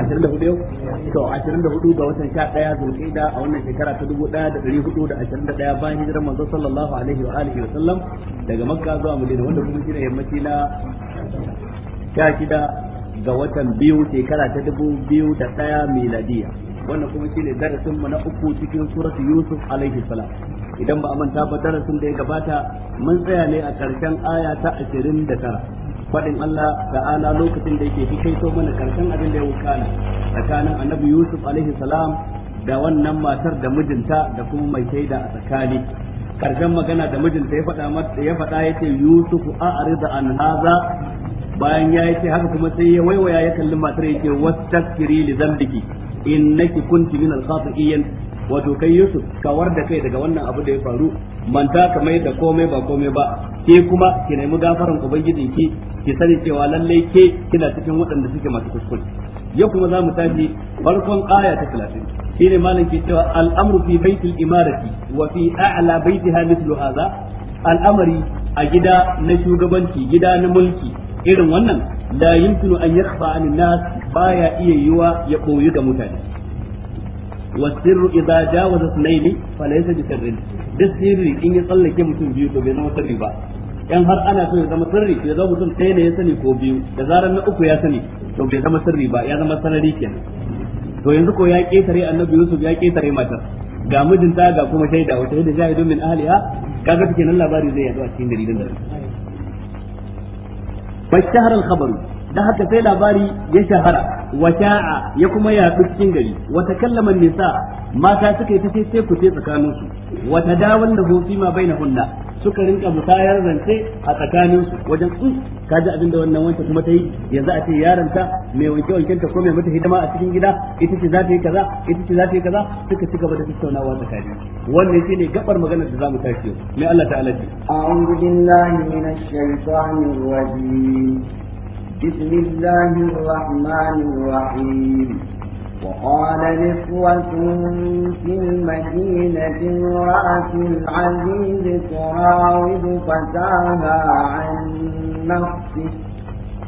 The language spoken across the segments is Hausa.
ashirin da hudu yau to ashirin da hudu ga watan sha daya da a wannan shekara ta dubu daya da dari hudu da ashirin da daya bayan hijirar manzo sallallahu alaihi wa alihi wa sallam daga makka zuwa madina wanda kuma shi shine yammaci na sha shida ga watan biyu shekara ta dubu biyu da daya miladiya wannan kuma shine darasin mu na uku cikin suratu yusuf alaihi salam idan ba a manta ba darasin da ya gabata mun tsaya ne a karshen aya ta ashirin da tara Faɗin Allah ta'ala lokacin da yake hikaito mana karshen abin da ya wukana tsakanin annabi Yusuf alaihi salam da wannan matar da mijinta da kuma mai taida a tsakani karshen magana da mijinta ya faɗa mata ya faɗa yace Yusuf a'rid an haza bayan ya yace haka kuma sai ya waiwaya ya kalli matar yake wastakiri li zambiki innaki kunti min al-khati'in wato kai Yusuf kawar da kai daga wannan abu da ya faru manta ka mai da komai ba komai ba ke kuma ki nemi gafaran ubangiji ki ki sani cewa lalle ke kina cikin waɗanda suke masu kuskure Ya kuma zamu tafi farkon aya ta 30 shine malam ke cewa al'amru fi baitil imarati wa fi a'la baitiha mithlu hadha al'amari a gida na shugabanci gida na mulki irin wannan la yumkinu an yakhfa an nas baya iya yiwa ya koyi ga mutane والسر إذا جاوز اثنين فليس بسر ده سري إن يصلك mutum biyu to bai zama sirri ba in har ana so ya zama sirri ya zama mutum ɗaya ne ya sani ko biyu da zarar na uku ya sani to bai zama sirri ba ya zama sanari kenan to yanzu ko ya ketare annabi Yusuf ya ƙetare matar ga mijinta ga kuma shaida wata shaida shahidun min ahliha kaga take nan labari zai yazo a cikin dalilin da Bashahar al-khabaru dan haka sai labari ya shahara wa sha'a ya kuma yaɗu cikin gari wata takallama nisa mata suka yi ta sai ku ce tsakanin su wa tadawan da fi ma bainahunna suka rinka musayar zance a tsakanin su wajen su hmm, kaji abin da wannan wancan kuma ta yi yanzu a ce yaranta mai wanke wanken ta ko mai mata hidima a cikin gida ita ce za ta yi kaza ita ce za ta yi kaza suka ci gaba da tattaunawa tsakanin wannan shine gabar maganar da zamu tashi yau mai Allah ta'ala ji a'udhu billahi minash shaitanir rajim بسم الله الرحمن الرحيم وقال نسوة في المدينة امرأة العزيز تراود فتاها عن نفسه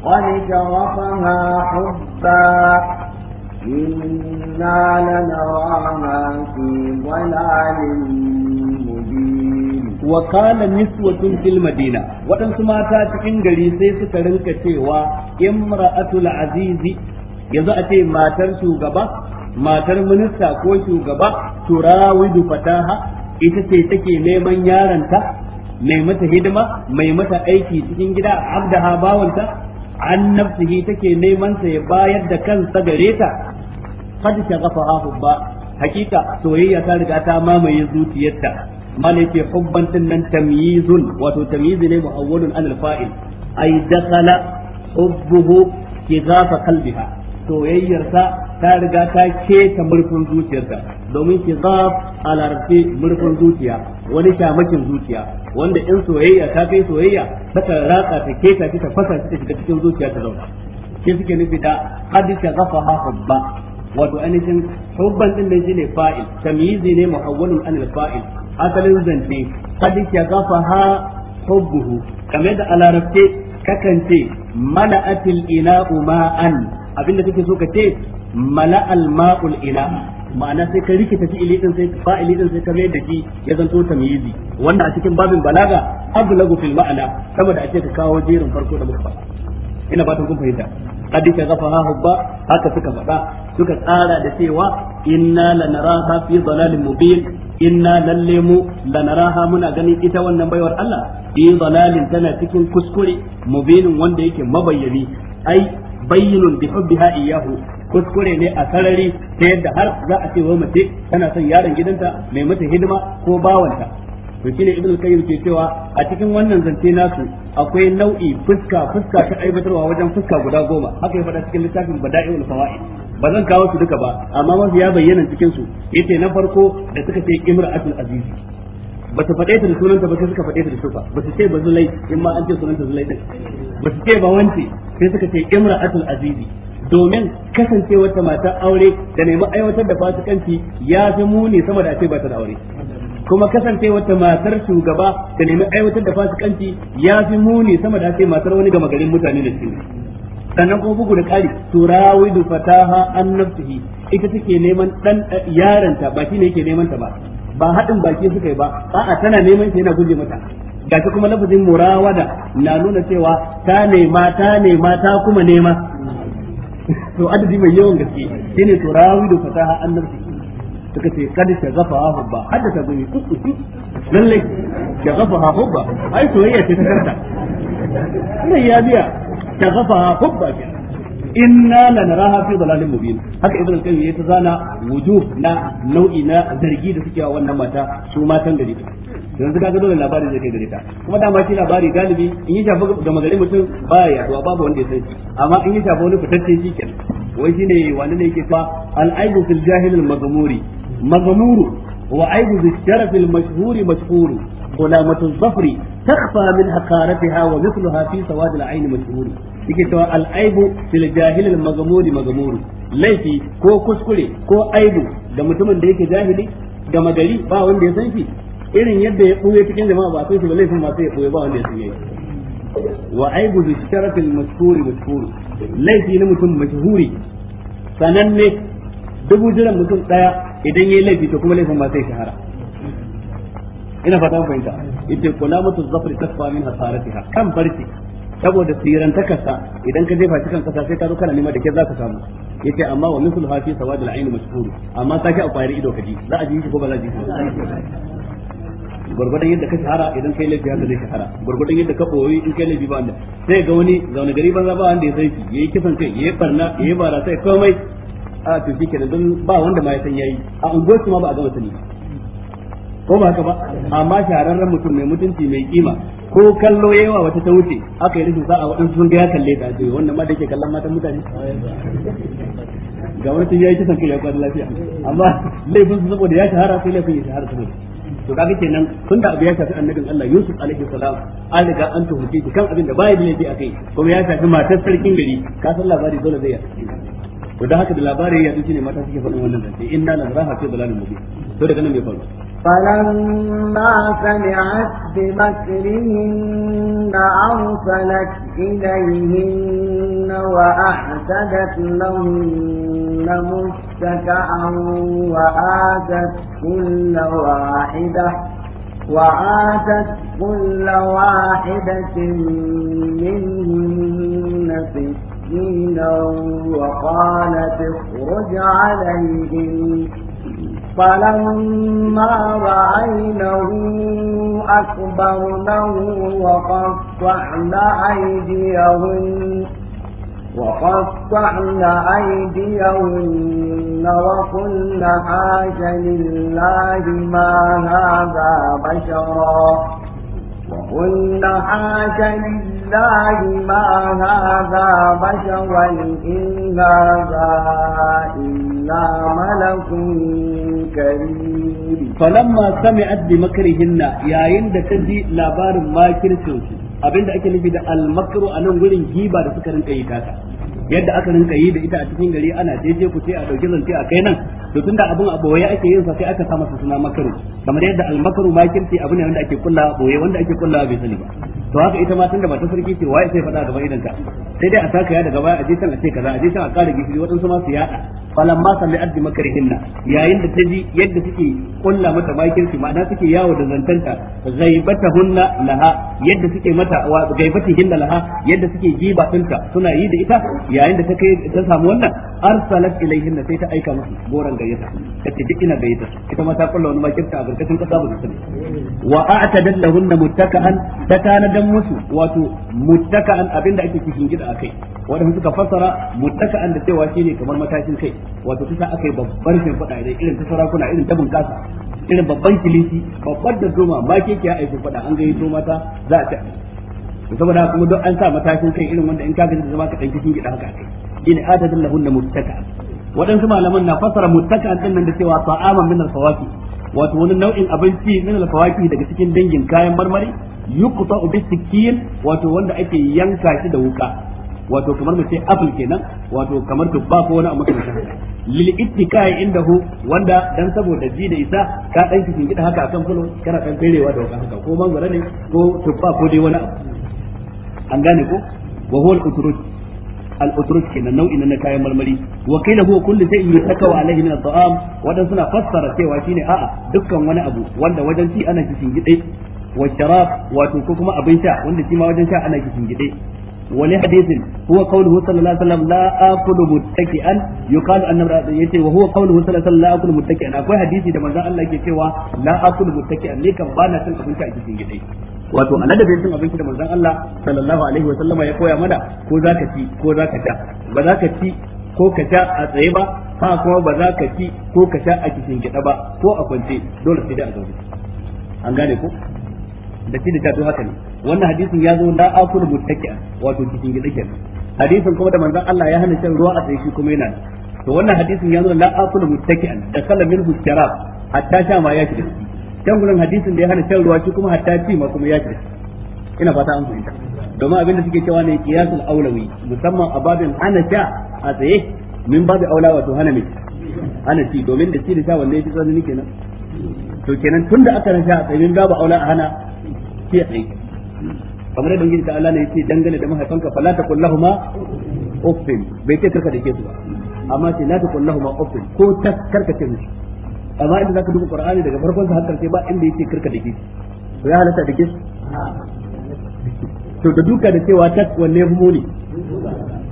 قد شرفها حبا إنا لنراها في ضلال wa kana niswatun fil madina waɗansu mata cikin gari sai suka rinka cewa imra'atul azizi yanzu a ce matar shugaba matar minista ko shugaba turawidu fataha ita ce take neman yaranta mai mata hidima mai mata aiki cikin gida abdaha bawanta an nafsihi take neman sa ya bayar da kansa gare ta kad shagafa hubba hakika soyayya ta riga ta mamaye zuciyarta mal yake hubban din nan tamyizun wato tamyizi ne muawwalun anil fa'il ay dakhala hubbuhu kizafa qalbiha soyayyarsa ta riga ta keta murfin zuciyarta, domin kizaf a murfin zuciya wani shamakin zuciya wanda in soyayya ta kai soyayya ta ratsa ta keta ta fasa ta shiga cikin zuciya ta zauna shi suke nufi da hadisa gafaha hubba wato ainihin hubban din nan shine fa'il tamyizi ne muhawwalun anil fa'il asalin zance qad ha hubbuhu kamar da a larabce kakan mala'atil ina'u ma'an abinda kake so ka ce mala'al ma'ul ina. ma'ana sai ka rikita fi'ili din sai fa'ili din sai ka mai da shi ya zanto tamyizi wanda a cikin babin balaga ablagu fil ma'ana sama da ake ka kawo jerin farko da muka faɗa ina fatan kun fahimta qad ha hubba haka suka faɗa suka tsara da cewa inna lanaraha fi dhalalin mubin inna lalle mu lanaraha muna ganin ita wannan baiwar Allah bi dalalin tana cikin kuskure mubinin wanda yake mabayyani ai bayyinun bi hubbiha iyahu kuskure ne a sarari ta yadda har za a ce wa mace tana son yaron gidanta mai mata hidima ko bawanta to shine ibn kayyim ke cewa a cikin wannan zance nasu akwai nau'i fuska fuska ta aibatarwa wajen fuska guda goma haka ya faɗa cikin littafin ul fawaid ba zan kawo su duka ba amma mafi ya bayyana cikin su yace na farko da suka ce imra'atul aziz ba su faɗe ta da sunanta ba sai suka faɗe ta da sufa ba su ce ba zulai in ma an ce sunanta zulai din ba su ce ba wance sai suka ce imra'atul aziz domin kasancewar ta mata aure da nemi aiwatar da fasikanci ya fi muni sama da ce ba ta da aure kuma kasancewar ta matar shugaba da nemi aiwatar da fasikanci ya fi muni sama da ce matar wani gama garin mutane da cikin sannan kuma bugu da ƙari turawidu fataha an nafsihi ita take neman dan eh, yaranta ba ne yake neman ta ba ba haɗin baki suka yi ba a'a tana neman ta yana guje mata gashi kuma lafazin murawada na nuna cewa ta nema ta nema ta kuma nema to adadi mai yawan gaske shine turawidu fataha an nafsihi suka ce kada shagafa ha hubba hadda ta gani kuku lalle gafa ha hubba ai soyayya ce ta karta. ina yabiya shaghafaha حبا إنا لنراها في ضلال مبين mubin haka القيم al-qayyim yayi ta zana wujub na nau'i na zargi da suke wa wannan mata dole labarin zai kai gare ta kuma dama shi labari galibi in yi shafi da magari mutum baya to babu wanda ya sani amma in yi shafi wani fitacce shi kenan wai shine wani ne yake fa al-aibu fil jahil al-mazmuri mazmuru wa aibu bil sharaf al-mashhur mashhur gulamatu zafri تخفى من حقارتها ومثلها في سواد العين مشهور yake cewa al'aibu fil jahil al maghmuri maghmuru laifi ko kuskure ko aibu da mutumin da yake jahili da magari ba wanda ya san shi irin yadda ya buye cikin jama'a ba sai shi ba laifin ba sai ya buye ba wanda ya san shi wa aibu bi sharaf al mashhuri mashhur laifi na mutum mashhuri sananne dubu jiran mutum daya idan yayi laifi to kuma laifin ba sai shahara ina fata mun fahimta yace kulamatu zafri takfa min hasaratiha kan barci saboda tsiran takasa idan ka jefa shi kan kasa sai ka zo kana nema da ke za samu yace amma wa mislu hafi sawadul ayn mashhur amma sake a kwari ido kaji za a ji ko ba za a ji shi gwargwadon yadda ka shahara idan kai laifi haka zai shahara gwargwadon yadda ka boye in kai laifi ba wanda sai ga wani zaune gari banza ba wanda ya san shi yayi kisan kai yayi barna yayi bara sai komai a to shi kenan don ba wanda ma ya san yayi a unguwar ma ba a gama sani ko ba ka ba amma shahararren mutum mai mutunci mai kima ko kallo yawa wata ta wuce aka yi rashin sa'a waɗansu sun ga ya kalle ta ce wannan ma da yake kallon matan mutane ga wani ya yi kisan kai ya lafiya amma laifin su saboda ya shahara sai laifin ya shahara saboda to kaga kenan tun da abu ya shafi annabin Allah Yusuf alaihi salam an riga an tuhumce shi kan abin da baya da a akai kuma ya shafi matar sarkin gari ka san labari dole zai yi to da haka da labari ya dace ne mata suke faɗin wannan zance inna la raha fi dalalin mubin to daga nan me faru فلما سمعت بمكرهن أرسلت إليهن وأحسدت لهن متكئا وآتت كل واحدة وآتت كل واحدة منهن ستا مسكينا وقالت اخرج عليهم فلما رأينه أكبرنه وقطعن أيديهن وقطعن أيديهن وقلن حاج لله ما هذا بشرا وقلن حاج لله لله ما هذا بشرا إن هذا إلا ملك كريم فلما سمعت بمكرهن يا عند تجي لابار ما كرسوش abinda ake nufi da almakru a nan gurin giba da suka rinka yi tata yadda aka rinka yi da ita a cikin gari ana jeje ku ce a dauki zance a kai nan to tunda abun a boye ake yin sa sai aka sa masa suna makaru kamar yadda almakaru makirci abu ne wanda ake kulla boye wanda ake kulla bai sani ba to haka ita ma tunda ba ta sarki ce waye sai faɗa gaban ta sai dai a saka ya daga baya a je can a ce kaza a je can a ƙara gishiri waɗansu ma su yaɗa falamma sami'at bi makrihinna yayin da taji yadda suke kulla mata makirci ma'ana suke yawo da zantanta ghaibatahunna laha yadda suke mata wa ghaibatihinna laha yadda suke giba tunta suna yi da ita yayin da ta kai ta samu wannan arsalat ilaihinna sai ta aika musu goran gayyata kace duk ina gayyata ita ma ta kulla wani makirta a garkashin kasa ba su wa a'tadat lahunna muttaka'an ta tanadan musu wato muttaka'an abinda ake cikin gida akai wadanda suka fassara muttaka'an da cewa shine kamar matashin kai wato ta aka yi babbar shi fada idan irin ta sarakuna irin tabin kasa irin babban kilisi babbar da doma ma ke ke aikin fada an gani to mata za a tafi saboda kuma don an sa matashin kai irin wanda in ka gani zama ka danki gida haka kai ina adadin atadin lahunna mutaka. waɗansu malaman na fasara mutaka din nan da cewa ta'aman min al-fawaki wato wani nau'in abinci min al-fawaki daga cikin dangin kayan marmari yuqta bi sikin wato wanda ake yanka shi da wuka wato kamar mace apple kenan wato kamar tubba ko wani a makamancin lil ittikai indahu wanda dan saboda ji da isa ka dan cikin gida haka akan fulo kana kan kairewa da wakan haka ko mangwara ne ko tubba ko dai wani abu an gane ko wa huwa al-utruj al-utruj kenan nau'in na kayan marmari wa kila huwa kullu shay'in yutakaw alayhi min at-ta'am wadan suna fassara cewa shine a'a dukkan wani abu wanda wajen ci ana cikin gida wa sharab wato ko kuma abin sha wanda shi ma wajen sha ana cikin gida wani hadisin huwa qawluhu sallallahu alaihi wasallam la aqulu muttaki'an yuqalu anna yace wa huwa qawluhu sallallahu alaihi wasallam la aqulu muttaki'an akwai hadisi da manzon Allah ke cewa la aqulu muttaki'an ne kan bana cin abinci a cikin gidai wato a ladabin cin abinci da manzon Allah sallallahu alaihi sallama ya koya mana ko zaka ci ko zaka sha ba zaka ci ko ka sha a tsaye ba ha kuma ba za ka ci ko ka sha a cikin gida ba ko a kwance dole sai da a zaune an gane ko da shi da ta haka ne wannan hadisin ya zo da akul muttaki'a wato cikin gida kenan hadisin kuma da manzon Allah ya hana shan ruwa a tsaye shi kuma yana to wannan hadisin ya zo da akul muttaki'an da kala minhu sharab hatta sha ma ya shiga can gurin hadisin da ya hana shan ruwa shi kuma hatta ci ma kuma ya shiga ina fata an fahimta domin abinda suke cewa ne qiyasul aulawi musamman a babin hana sha a tsaye min babu aula wato hana mai hana ci domin da ci da sha wanda ya fi tsanani kenan to kenan tunda aka rasha a tsaye min babu aula a hana ci a tsaye kamar da ubangiji ta'ala ne yace dangane da mahaifanka fala taqul lahumu uffin bai ce karka da ke su ba amma sai la taqul lahumu uffin ko ta karka ce musu amma inda zaka duba qur'ani daga farkon sa har karshe ba inda yace karka dake su ya halatta dake su to da duka da cewa ta wanne ya fi ne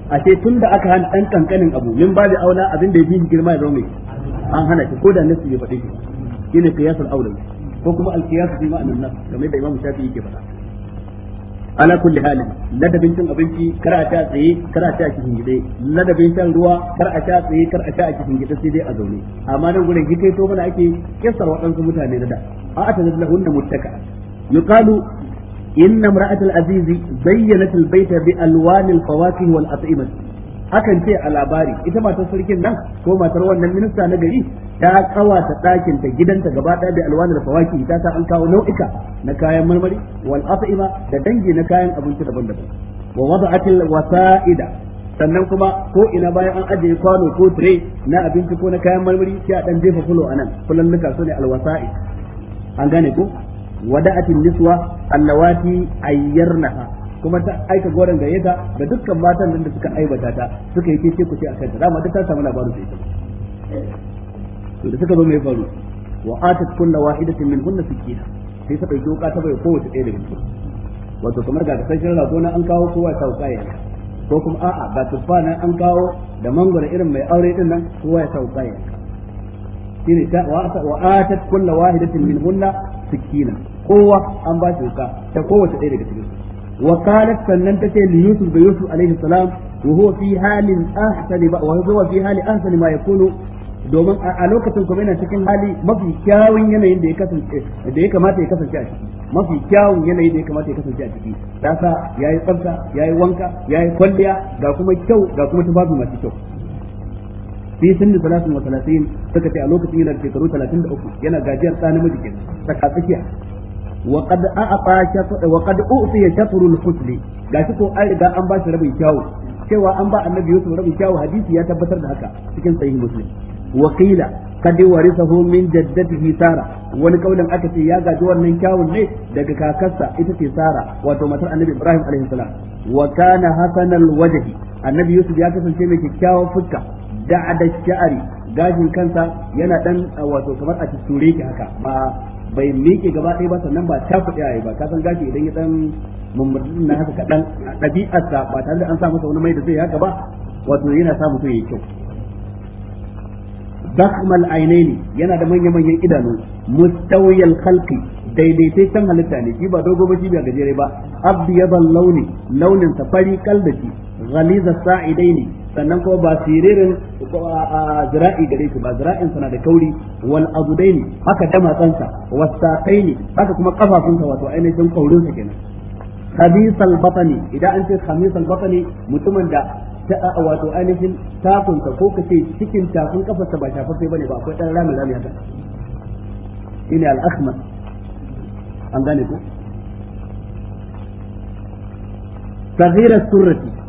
ashe tun da aka hana dan kankanin abu min ba da aula abin da ya fi girma ya zama an hana shi ko da nasu ya faɗi shi ne kiyasul aula ko kuma al-qiyas bi ma'anan nas kamar da Imam Shafi'i yake faɗa ala kulli halin ladabin cin abinci kar a sha tsaye kar a sha cikin gide ladabin shan ruwa kar a sha tsaye kar a sha cikin gide sai dai a zaune amma nan gurin hikai to mana ake kissar waɗansu mutane da da a ta lahunna muttaka yukalu inna imra'atul azizi bayyanat al bi alwanil fawakih wal at'imah akan ce a labari ita matar sarkin nan ko matar wannan minista na gari ta kawata ɗakinta ta gidanta gaba ɗaya da alwanar fawaki ta sa an kawo nau'ika na kayan marmari wal asima da dangi na kayan abinci daban-daban wa wada'atil wasa'ida sannan kuma ko ina bayan an ajiye kwano ko tire na abinci ko na kayan marmari sai a dan jefa fulo anan fulalluka su ne alwasa'i an gane ko wada'atin niswa allawati ayyarnaha kuma ta aika goren gayyata ga dukkan matan nan da suka aibata ta suka yi kece kuce akan ta dama ta samu labaru sai ita to da suka zo mai faru wa atat kullu wahidatin min kunna sikina sai ta dauki wuka ta bai kowace ɗaya daga cikin wato kamar ga kasashen rago na an kawo kowa ta wuka ya ko kuma a'a ga tuffa na an kawo da mangwara irin mai aure din nan kowa ya ta wuka ya shine ta wa atat kullu wahidatin min kunna sikina kowa an ba shi wuka ta kowace ɗaya daga cikin وقالت فننتك ليوسف بيوسف عليه السلام وهو في حال أحسن وهو في حال أحسن ما يكون domin a lokacin kuma yana cikin hali mafi kyawun yanayin da ya kasance da ya kamata ya kasance a ciki mafi kyawun yanayi da ya kamata ya kasance a ciki ya sa yayi tsafta yayi wanka yayi kwalliya ga kuma kyau ga kuma tufafi masu kyau fi sunni salatin wa salatin suka ce a lokacin yana da shekaru 33 yana gajiyar ɗan namiji saka tsaka tsakiya wa qad tafuru wa qad u'tiya shatrul husn gashi ko an riga an ba shi rabin kyawu cewa an ba annabi Yusuf rabin kyawu hadisi ya tabbatar da haka cikin sahih muslim wa qila kad warisahu min jaddatihi Sara wani kaulin aka ce ya gaji wannan kyawun ne daga kakarsa ita ce Sara wato matar annabi Ibrahim alaihi salam wa kana hasanal wajhi annabi Yusuf ya kasance mai kyakkyawan fuska da da sha'ari gashin kansa yana dan wato kamar a ture ki haka bai miƙe gaba ɗaya ba sannan ba ta kuɗi ba ka san gashi idan ya dan mummurdin na haka kaɗan a ɗabi'arsa ba tare da an sa masa wani mai da zai haka ba wato yana sa mutum yayi kyau bakmal ainaini yana da manya manyan idanu mustawiyal khalqi san halitta ne shi ba dogo ba shi ba gajere ba abyadal launi launin sa fari kalbaci ghaliza sa'idaini sannan kuma ba siririn a zira'i gare su ba zira'in suna da kauri wal azudaini haka dama tsansa wasaqaini haka kuma kafafunsa wato ainihin kaurin sa kenan khabisal batani idan an ce khabisal batani mutumin da ta wato ainihin takunsa ko ka ce cikin takun kafarsa ba shafaffe bane ba akwai dan rami rami haka ina al akhmas an gane ko صغير السرة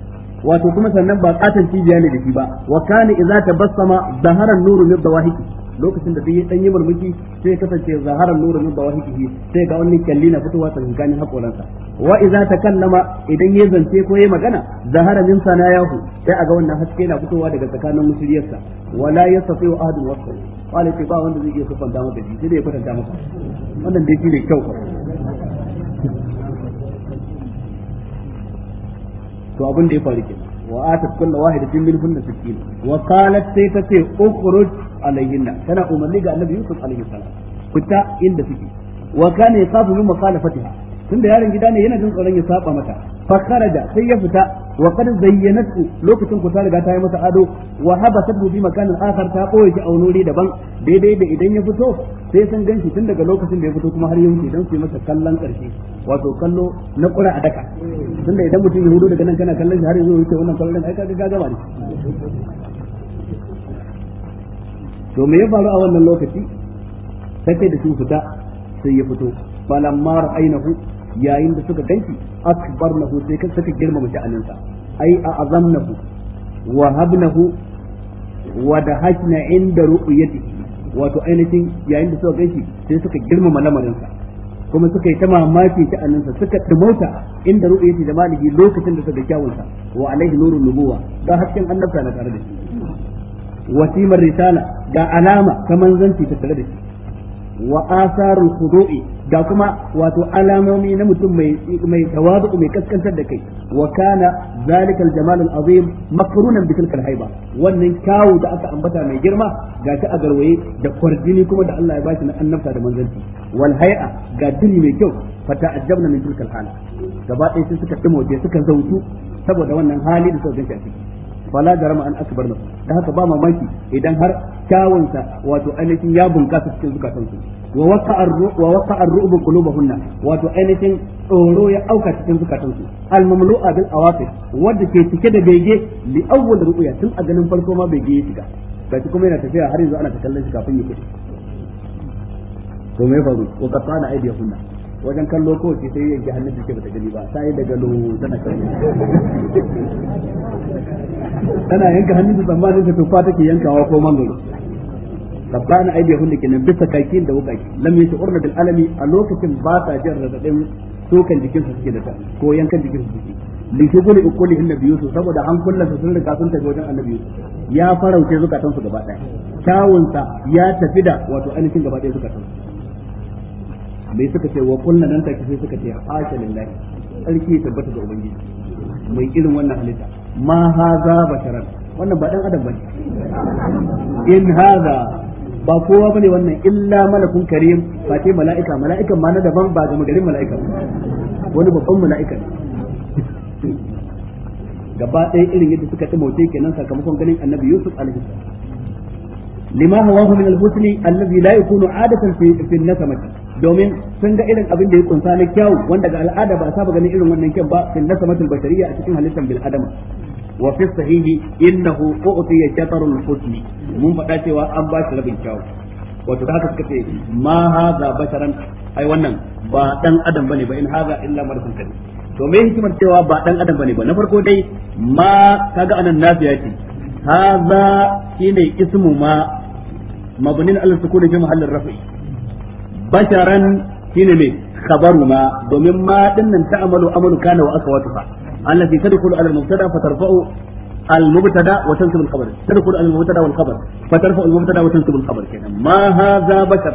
wato kuma sannan ba katan cibiya ne da shi ba wa kana idza tabassama zaharan nuru min dawahiki lokacin da duk dan yi murmuki sai kasance zaharan nuru min dawahiki sai ga wannan kalli na fitowa tsakankanin hakoransa wa idza takallama idan ya zance ko yayi magana zahara min yahu sai aga wannan haske na fitowa daga tsakanin musuliyarsa wala yastati ahadun wasfa wala ce ba wanda zai iya sufanta maka ji sai dai ya kwatanta maka wannan dai shi ne kyau to abin da ya faru kenan wa atat kullu wahidatin min hunna sakin wa qalat sai ta ce ukhruj alayhinna tana umarni ga annabi Yusuf alaihi salam fita inda suke wa kana yaqafu min mukhalafatiha da yaron gida ne yana jin tsoron ya saba mata fa kharaja sai ya fita wa qad zayyanatu lokacin ku ta riga ta yi masa ado wa habasatu bi makanin akhar ta koyi shi a wani daban daidai da idan ya fito sai sun ganshi tun daga lokacin da ya fito kuma har ya wuce dan su yi masa kallon karshe wato kallo na kura a daka da idan mutum ya hudo daga nan kana kallon shi har ya yake wannan kallon ai ga gaba ne to me ya faru a wannan lokaci sai da su fita sai ya fito falamma ra'aynahu yayin da suka ganki akbarnahu sai kan suka girmama sha'anin sa ai a azam na hu, wa habnahu wa da dahashna inda ru'yatihi wato ainihin yayin da suka ganki sai suka girmama lamarin sa kuma suka yi ta mamaki ta annansa suka dumauta inda ru'u yace da maliki lokacin da suka kyawun sa wa alaihi nurun nubuwa ga hasken annabta na tare da shi wasimar risala da alama ta manzanci ta tare da shi wa asarul khudu'i da kuma wato alamomi na mutum mai mai tawadu mai kaskantar da kai wa kana zalikal jamal al azim makrunan bi tilkal haiba wannan kyawu da aka ambata mai girma ga ta a garwaye da kwarjini kuma da Allah ya bashi na annabta da manzanci wal hay'a ga diri mai kyau fata ajabna min tilkal hala gaba ɗaya sai suka dimo suka zautu saboda wannan hali da suka ganta ciki fala jarama an akbar na da haka ba mamaki idan har kyawunsa wato ainihin ya bunkasa cikin zukatansu wa waqa ar-ru'bu qulubahunna wato ainihin tsoro ya auka cikin zukatansu al-mamlu'a bil awasif wanda ke cike da bege li awwal ru'ya tun a ganin farko ma bege ya shiga gashi kuma yana tafiya har yanzu ana ta kallon shi kafin ya fita to me faru wa qatana kunna wajen kallo ko sai yake yanke hannun da ke bata gani ba sai daga lo tana kallo tana yanka hannun ta tsammanin ta tufa take yankawa ko mangoro rabbana aidiyahun da kenan bisa kakin da wukaki lam yashurna bil alami a lokacin ba ta jin radadin sokan jikinsu suke da ta ko yankan jikinsu suke li shuguli ukuli biyu su saboda an kulla su sun riga sun tafi wajen annabi yusuf ya farauce zukatan su gaba daya kyawun sa ya tafi da wato ainihin gaba daya zukatan mai suka ce wa kullu nan take sai suka ce hasha lillahi sarki tabbata ga ubangiji mai irin wannan halitta ma haza basharan wannan ba dan adam bane in haza ba kowa bane wannan illa malakun karim ba ce mala'ika mala'ikan ma na daban ba ga magarin mala'ika wani babban mala'ika gaba ɗaya irin yadda suka ta mauce kenan sakamakon ganin annabi yusuf alaihi lima hawahu min al-husni alladhi la yakunu adatan fi fi nasamati domin sun ga irin abin da ya kunsa na kyau wanda ga al'ada ba a saba ganin irin wannan kyan ba fi nasamati al a cikin halittar bil adama wa fi sahihi innahu u'tiya jatarul husni mun faɗa an ba shi kyau wato haka suka ma haza basharan ai wannan ba dan adam bane ba in haza illa marsul kadi to me hikimar cewa ba dan adam bane ba na farko dai ma kaga anan nafiya ce haza shine mabnin alal kone fi mahallin raf'i basharan shine ne khabaru ma domin ma dinnan ta'amalu amalu kana wa akhawatuha allati tadkhulu ala al-mubtada fa tarfa'u المبتدا وتنصب الخبر تدخل المبتدا والخبر فترفع المبتدا وتنصب الخبر كده ما هذا بشر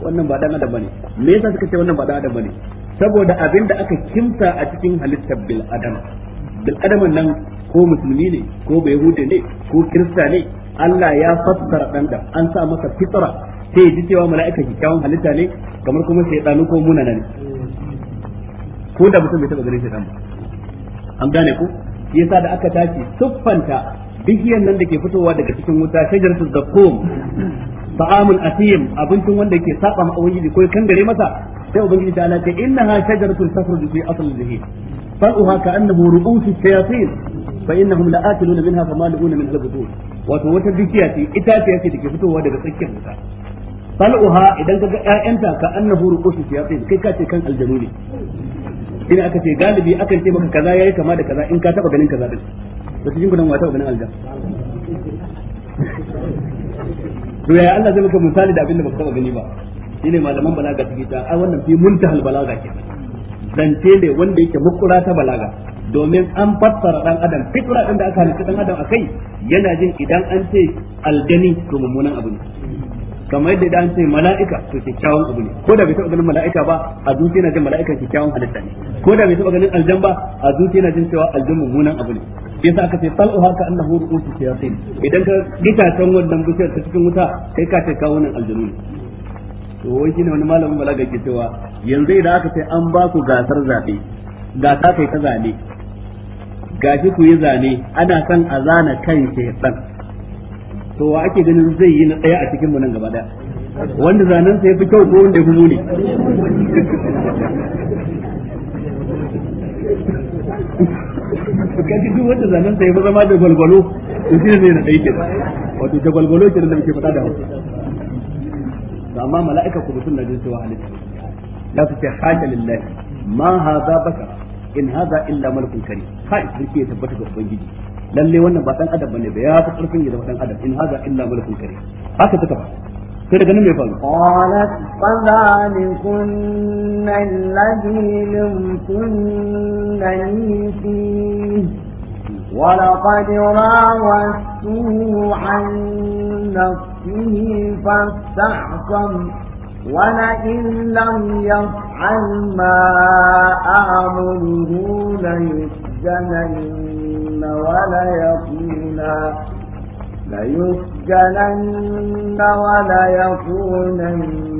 wannan ba dan adam bane me yasa suka ce wannan ba dan adam bane saboda abinda aka kimsa a cikin halittar bil adam bil adam nan ko musulmi ne ko bai hude ne ko kirista ne Allah ya fassara dan da an sa masa fitra sai ya ji cewa mala'ika kikkiawan halitta ne kamar kuma shaytanu ko munana ne ko da mutum bai taba ganin shaytan ba an gane ku yasa da aka tashi tuffanta bigiyan nan da ke fitowa daga cikin wuta shajaratu zakum ta'amul asim abincin wanda yake saba ma ubangiji ko kangare masa sai ubangiji ta alaƙa innaha shajaratu tafruju fi asl jahim far'uha ka'annahu ru'usu shayatin fa innahum la'akiluna minha famaluna min al-butur wato wata dukiya ce itaciya ce dake fitowa daga tsakiyar wuta fal'uha idan ka ga ƴaƴanta ka annahu ruqusu shayatin kai ka ce kan aljanu ne idan aka ce galibi akan ce maka kaza yayi kama da kaza in ka taba ganin kaza din to cikin gudan wata ganin aljan to ya Allah zai maka misali da abin da baka taba gani ba shine malaman balaga suke ta ai wannan fi muntahal balaga ke Dan ne wanda yake mukura ta balaga domin an fassara dan adam fitra din da aka halitta dan adam akai yana jin idan an ce aljani to mummunan abu ne kamar yadda an ce mala'ika to kikkiawan abu ne ko da bai taɓa ganin mala'ika ba a zuci yana jin mala'ikan kikkiawan halitta ne ko da bai taɓa ganin aljan ba a zuci yana jin cewa aljan mummunan abu ne yasa aka ce talu haka annahu ru'usu shayatin idan ka gitacen wannan bishiyar ta cikin wuta kai ka ce kawo nan aljanu ne to wai shine wani malamin balaga ke cewa yanzu idan aka ce an ba ku gasar zabe gasa kai ta zabe gashi ku yi zane ana son a zana kan shaytan to wa ake ganin zai yi na daya a cikin mu nan gaba daya wanda zanen sa yafi kyau ko wanda ya muni kaji duk wanda zanen sa yafi zama da gwalgwalo to shi ne na daike wato da gwalgwalo ke da muke fada da hausa amma mala'ika ku mutum na jin cewa halitta Ya fi ce haka lillahi ma hadha bashar in haza illa malakun kari, kai sarki ya tabbata ga ubangiji lalle wannan ba dan adam bane ba ya fi karfin ya zama dan adam in haza illa malakun kari. haka ta ba sai daga nan mai faru qalat fadhalikunna alladhi lam kunna fi ولقد راوته عن نفسه فاستعصم ولئن لم يفعل ما آمنه ليسجنن وليكونا ليسجنن وليكونا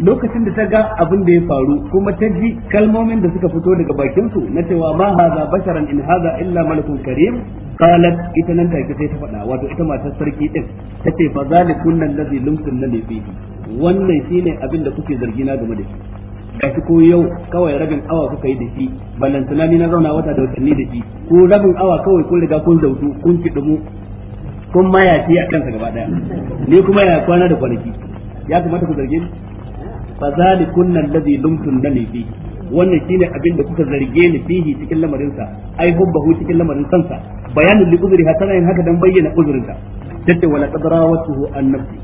lokacin da ta ga abin da ya faru kuma ta ji kalmomin da suka fito daga bakin su na cewa ma haza basharan in haza illa malakun karim qalat ita nan take sai ta faɗa wato ita matar sarki din tace fa zalikun allazi lumtun lani fihi wannan shine abin da kuke zargina game da shi shi ko yau kawai rabin awa kuka yi da shi balantana ni na zauna wata da watanni da shi ko rabin awa kawai kun riga kun zautu kun kiɗumu kun ma ya a kansa gaba daya ni kuma ya kwana da kwanaki ya kamata ku zarge ni fa zalikunna lumtun lumtunani fi wannan shine abin da kuka zarge ni fihi cikin lamarin sa ai hubbahu cikin lamarin sansa bayanin li uzuri hasana yin haka dan bayyana uzurin sa tace wala qadrawatuhu an nafsi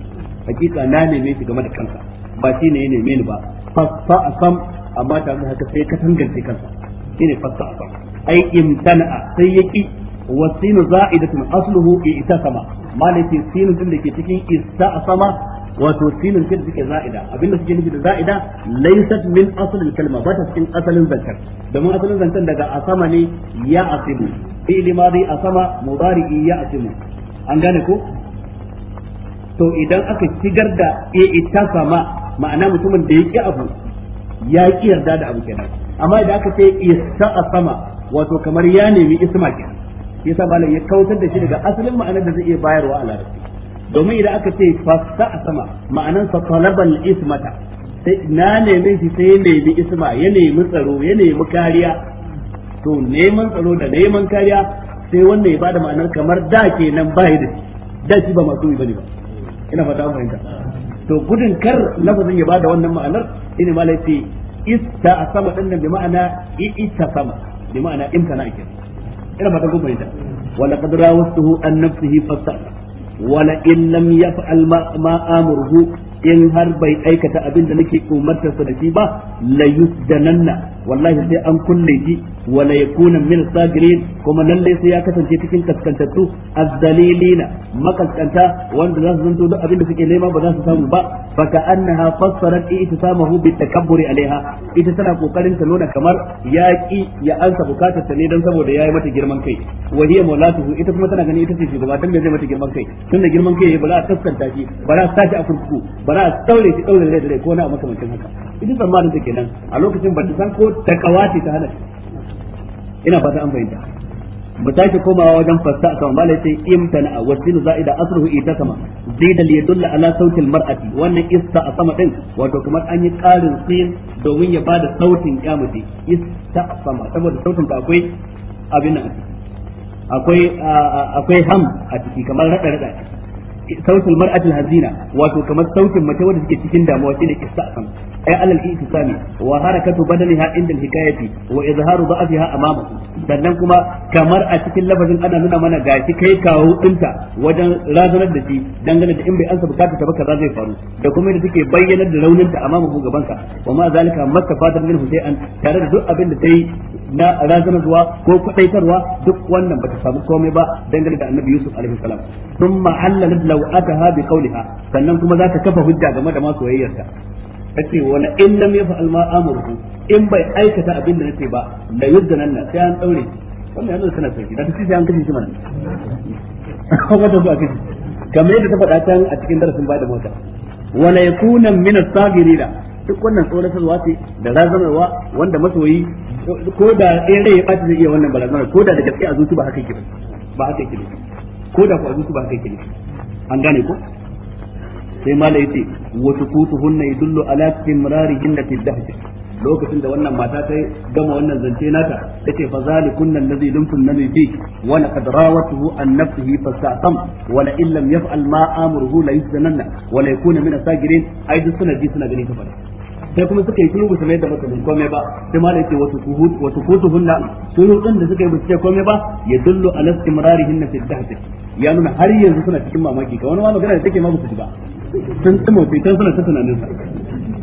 hakika na neme mai game da kansa ba shi ya ne mai ba fa asam amma ta haka sai ka tangance kansa shine fa asam ai imtana sai yaki wa sinu za'idatun asluhu i'tasama malaki sinu din da ke cikin istasama wato sinin kin suke za'ida abinda suke nufi da za'ida laysat min asl kalma ba ta cikin asalin zantar domin asalin zantar daga asama ne ya asibu fi'li madi asama mudari ya asibu an gane ko to idan aka shigar da e itasama ma'ana mutumin da yake abu ya ki yarda da abu kenan amma idan aka ce isa sama, wato kamar ya nemi isma kenan shi yasa malam ya kautar da shi daga asalin ma'anar da zai iya bayarwa a larabci domin idan aka ce fasta a sama ma'anar sa talabal ismata sai na nemi shi sai nemi isma ya nemi tsaro ya nemi kariya to neman tsaro da neman kariya sai wanda ya bada ma'anar kamar da kenan bai da da shi ba masu bane ba ina fata an fahimta to gudun kar lafazin ya bada wannan ma'anar ina malai ce ista a sama din nan bi ma'ana i ita sama bi ma'ana imtana kenan ina fatan kun fahimta wala qad rawastuhu an nafsihi fasta wala in lam yaf'al ma ma amruhu in har bai aikata abin da nake umartar sa da shi ba la yusdananna wallahi sai an kulle shi wala yakuna min sagirin kuma lalle sai ya kasance cikin kaskantattu azdalilina makaskanta wanda za su zanto duk abin da suke nema ba za su samu ba fa ka annaha fassarat itisamahu bi takabburi alaiha ita tana kokarin ta nuna kamar yaki ya ansa bukatar ta ne dan saboda yayi mata girman kai wa hiya maulatuhu ita kuma tana ganin ita ce shugaba dan zai mata girman kai tunda girman kai ba za a kaskanta shi ba za a sashi a kurkuku ba za a daure shi daure da rai ko na makamancin haka ita tsammanin take nan a lokacin ba ta san ko ta ce ta hana ina ta an bayyana mu tashi komawa wajen fasta kama mala sai imtana wasin zaida asruhu itakama zaida li yadulla ala sautil mar'ati wannan ista a sama din wato kamar an yi karin sin domin ya bada sautin kyamati ista a sama saboda sautin ta akwai abin nan akwai akwai ham a ciki kamar rada rada sautul mar'atul hazina wato kamar sautin mace wanda take cikin damuwa shine istihsan ay alal ihtisami wa harakatu badaniha inda hikayati wa izharu da'afiha amamahu sannan kuma kamar a cikin lafazin ana nuna mana gashi kai kawo dinta wajen razanar da shi dangane da in bai ansa bukata ta baka zai faru da kuma yadda take bayyanar da rauninta amamahu gabanka wa ma zalika mastafadar minhu an tare da duk abin da ta yi na razanarwa ko kwadaitarwa duk wannan bata samu komai ba dangane da annabi yusuf alaihi salam thumma allalat lawataha bi qawliha sannan kuma za ta kafa hujja game da masu yayyarta tace wala in lam yaf'al ma amurku in bai aikata abin da nace ba yadda la nan sai an daure wannan yanzu tana sauki da ta kace sai an kace shi mana kuma da ba kace kamar yadda ta faɗa can a cikin darasin ba da mota wala yakuna min as-sagirina duk wannan tsoratarwa ce da razanarwa wanda masoyi ko da ɗaya rai ya ɓaci zai iya wannan barazanar ko da da gaske a zuci ba haka yake ba haka yake ko da ku a zuci ba haka yake an gane ko sai mala yace wa yi dullo ala timrarihinna fi dahj lokacin da wannan mata ta gama wannan zance nata tace fa zali kunnan allazi lam tunni bi wa laqad rawatuhu an nafsihi fasatam wa la illam yaf'al ma amruhu la yuzanna wa la yakuna min asagirin ai duk suna ji suna gani ta fara sai kuma suka yi shiru su mai da masalin komai ba sai malai ce wasu kuhut wasu hunna shiru din da suka yi ba su ce komai ba ya dullu ala istimrarihinna fi dahd ya nuna har yanzu suna cikin mamaki ka wani ma magana da take ma ba su ba sun tsamo sai tan suna ta nan sa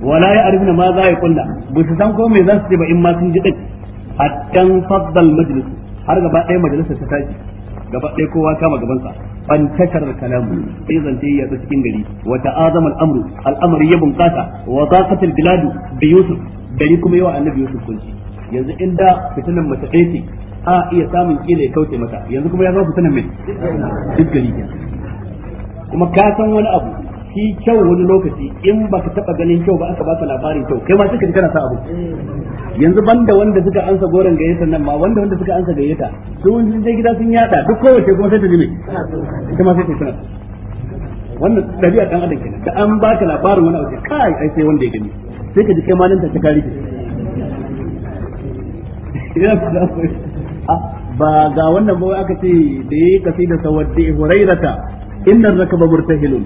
wala ya arifna ma za ya kulla ba su san ko me za su ce ba in ma sun ji a hatta faddal majlis har gaba ɗaya majalisar ta tashi gaba ɗaya kowa kama gabansa an tashar kalamu sai zance ya cikin gari wa ta'azama al'amru al'amari ya bunƙasa wa zaqatil biladu bi yusuf gari kuma yawa annabi yusuf kunci yanzu inda fitinan mace ɗaya ce a iya samun kila ya kauce mata yanzu kuma ya zama fitinan mai duk gari kuma ka san wani abu shi kyau wani lokaci in ba ka taba ganin kyau ba aka ba ka labarin kyau kai ma suka ji kana sa abu yanzu banda wanda suka ansa goron gayyata nan ma wanda wanda suka ansa gayyata su sun je gida sun yada duk kowace kuma sai ta ji me ita ma sai ta sanar wannan dabi'a dan adam kenan da an baka labarin wani abu kai ai sai wanda ya gani sai ka ji kai ma nan ta kare ki ba ga wannan ba aka ce da yi kasida sawaddi hurairata innar rakaba murtahilun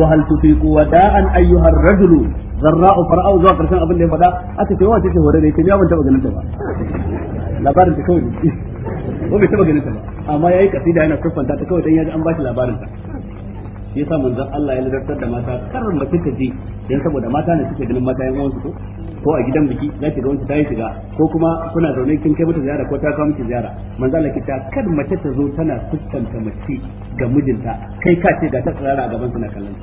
wa hal tutiqu wada'an ayyuha rajulu zarra'u fara'u zuwa karshen abin da ya faɗa aka ce wace ce hore ne ke ban taba ganin ta ba labarin ta kawai ko bai taba ganin ta ba amma kasida yana siffanta ta kawai dan yaji an bashi labarin ta shi yasa manzon Allah ya ladartar da mata karin mace ta je dan saboda mata ne suke ganin mata yan uwansu ko ko a gidan biki za ki ga wanda ta yi shiga ko kuma kuna zaune kin kai mata ziyara ko ta kawo miki ziyara manzo Allah ki ta kar mace ta zo tana fuskanta mace ga mijinta kai ka ce ga ta tsara a gaban suna kallon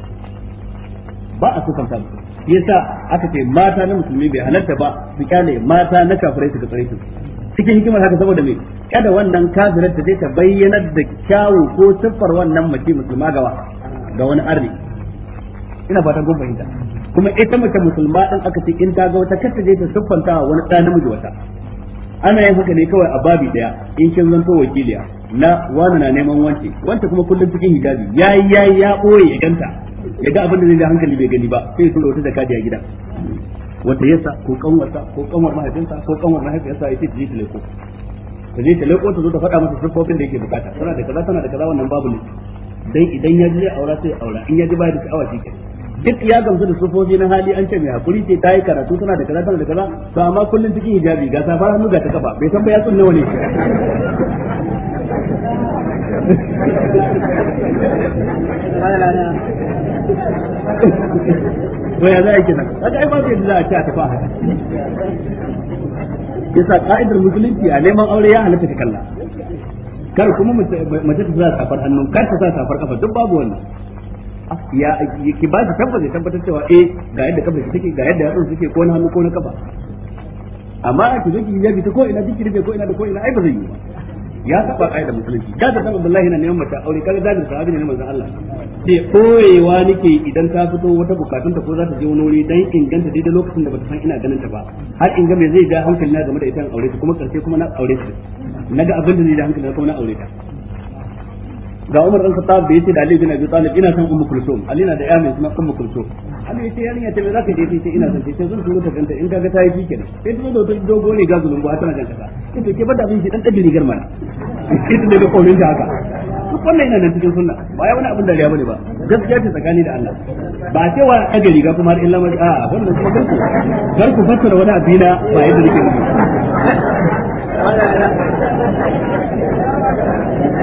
ba a sukanta ba yasa aka ce mata na musulmi bai halarta ba su kyale mata na kafirai su ga tsare su cikin hikimar haka saboda me kada wannan kafirar ta je ta bayyanar da kyawu ko siffar wannan mace musulma gawa ga wani arni ina fatan kun fahimta kuma ita mace musulma din aka ce in ta ga wata kasa je ta siffanta wani ɗa namiji wata ana yin haka ne kawai a babi daya in kin zanto wakiliya na wani na neman wanci wanda kuma kullum cikin hijabi yayi yayi ya boye ya ganta ya ga abin da zai hankali bai gani ba sai ya tura wata zakati a gida wata yasa ko kanwarsa ko kanwar mahaifinsa ko kanwar mahaifiyarsa ya ce ji ta leko ta je ta leko ta zo ta faɗa masa siffofin da yake bukata tana da kaza tana da kaza wannan babu ne dai idan ya ji aura sai aura in ya ji ba da sha'awa shi duk ya gamsu da sufofi na hali an ce mai hakuri ce ta yi karatu tana da kaza tana da kaza to amma kullum cikin hijabi ga safar hannu ga ta kafa bai san ba ya tsunne wani to ya za a yi kenan kaga ai ba zai za a ce a tafi haka yasa ka'idar musulunci a neman aure ya halatta ta kalla kar kuma mace ta sa safar hannu kar ta sa safar kafa duk babu wannan ya ki ba shi tabbata ya tabbatar cewa eh ga yadda kafa ki take ga yadda yatsun suke ko na hannu ko na kafa amma a ki zo ki hijabi ta ko ina duk ki rufe ko ina da ko ina ai ba zai yi ba ya saba kaida musulunci da da sanan wallahi na neman mata aure kaga zalin sahabi ne manzo Allah sai koyewa nake idan ta fito wata bukatun ta ko za ta je wani wuri dan inganta daidai lokacin da ba ta san ina ganin ta ba har in ga me zai ja hankali na game da ita aure ta kuma karshe kuma na aure ta naga abin da zai da hankali na kuma na aure ta ga Umar dan kasa da yace da Ali bin Abi Talib ina san Ummu Kulsum Ali na da ya mai suna Ummu Kulsum Ali yace yarinya ta me zaka je sai ina san sai sun zo ta ganta in kaga ta yi kenan sai ta zo ta dogo ne ga zulumbu tana ganta ta to ke bada abin shi dan dabi rigar mana ita da kokarin ta haka duk wannan yana nan cikin sunna ba ya wani abin da riya bane ba gaskiya ce tsakani da Allah ba cewa daga riga kuma har illa ma a wannan kuma garku garku fassara wani abina ba yadda nake nufi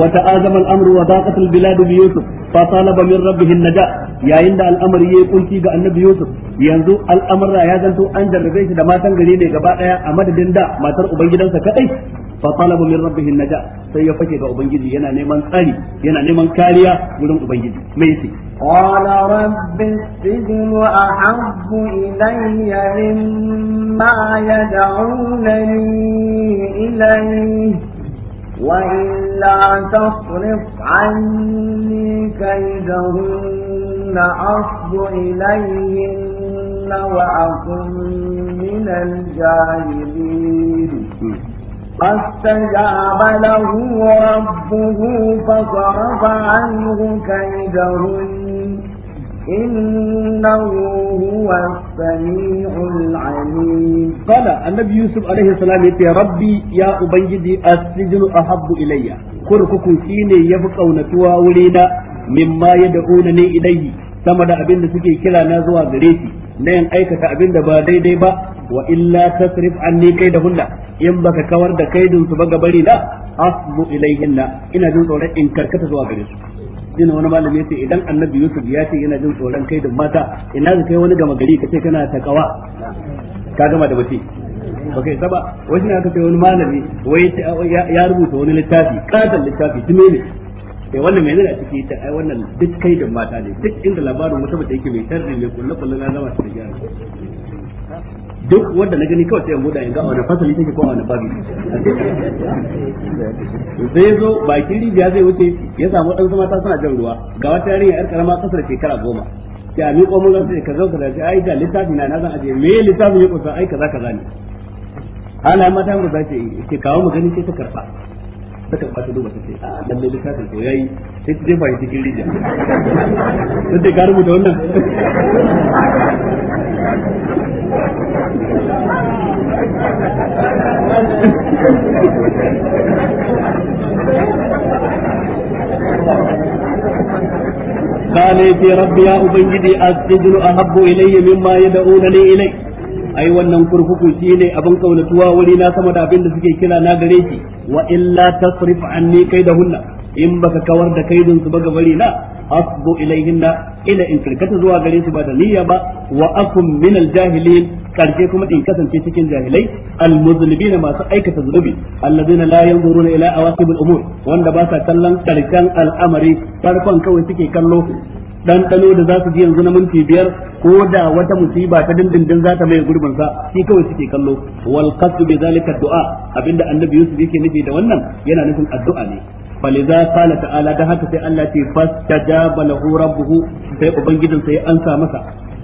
وتآزم الأمر وضاقت البلاد بيوسف فطالب من ربه النجاة يا عند الأمر يكون ga Annabi Yusuf, yanzu al'amarra ya zanto an jarrabe shi da matan gari ne gaba daya a madadin da matar ubangidansa kadai fa talaba min rabbih naja sai ya fake ga ubangiji yana neman tsari yana neman kariya gurin ubangiji mai ce qala rabbi sijnu ahabbu ilayya mimma yad'unani ilayhi وإلا تصرف عني كيدهن أصب إليهن وأكن من الجاهلين فاستجاب له ربه فصرف عنه كيدهن إنه هو السميع العليم قال النبي يوسف ya السلام يا ربي يا أبيدي السجن أحب إلي kurkuku shine yafi kaunatuwa wurina mimma ya da'una ne ilayhi sama da abinda suke kira na zuwa gare na yin aikata abinda ba daidai ba wa illa tasrif anni kai da hunna in baka kawar da kaidin su ba gabari na asbu ilayhinna ina jin tsoron in karkata zuwa gare su shine wani malami yace idan annabi yusuf ya ce yana jin tsoron kai da mata ina ga kai wani gama gari ka ce kana takawa ka gama da mace ba kai saba wani aka kai wani malami wai ya rubuta wani littafi katon littafi tume eh, ne sai wannan mai nuna ciki ta ai wannan duk kai da mata ne duk inda labarin mutum da yake mai tarri mai kullu kullu na zama su da gyara duk wanda na gani kawai sai in buɗa in ga wani fasali take ko wani babu sai zo bakin rijiya zai wuce ya samu dan zama ta suna jan ruwa ga wata yarinya yar karama kasar shekara goma ya mi ko mun sai ka zo ka ji ai da littafi na na zan aje me littafi ya kusa ai kaza kaza ne ana mata mu zace ke kawo mu gani sai ta karba ta karɓa ta duba ta ce a ah, dan dai littafi to yayi sai ta jefa shi cikin rijiya ka rubuta ai wannan kurkuku shine abin kaunatuwa wuri na sama da abin da suke kira na gare shi wa illa tasrif anni hunna in baka kawar da kaidin su ga bari na asbu ilaihinna ila in karkata zuwa gare su ba da niyya ba wa akum min jahilin karshe kuma in kasance cikin jahilai na masu aikata zunubi alladina la yanzuruna ila awaqib al-umur wanda ba sa kallon karshen al'amari farkon kawai suke kallo ɗanɗano da za su ji yanzu na minti biyar ko da wata musiba ta dindindin za ta mai gurbin sa shi kawai suke kallo wal qasdu bi zalika du'a abinda annabi Yusuf yake nufi da wannan yana nufin addu'a ne faliza qala ta'ala da haka sai Allah ce fastajaba lahu rabbuhu sai ubangijin sai an sa masa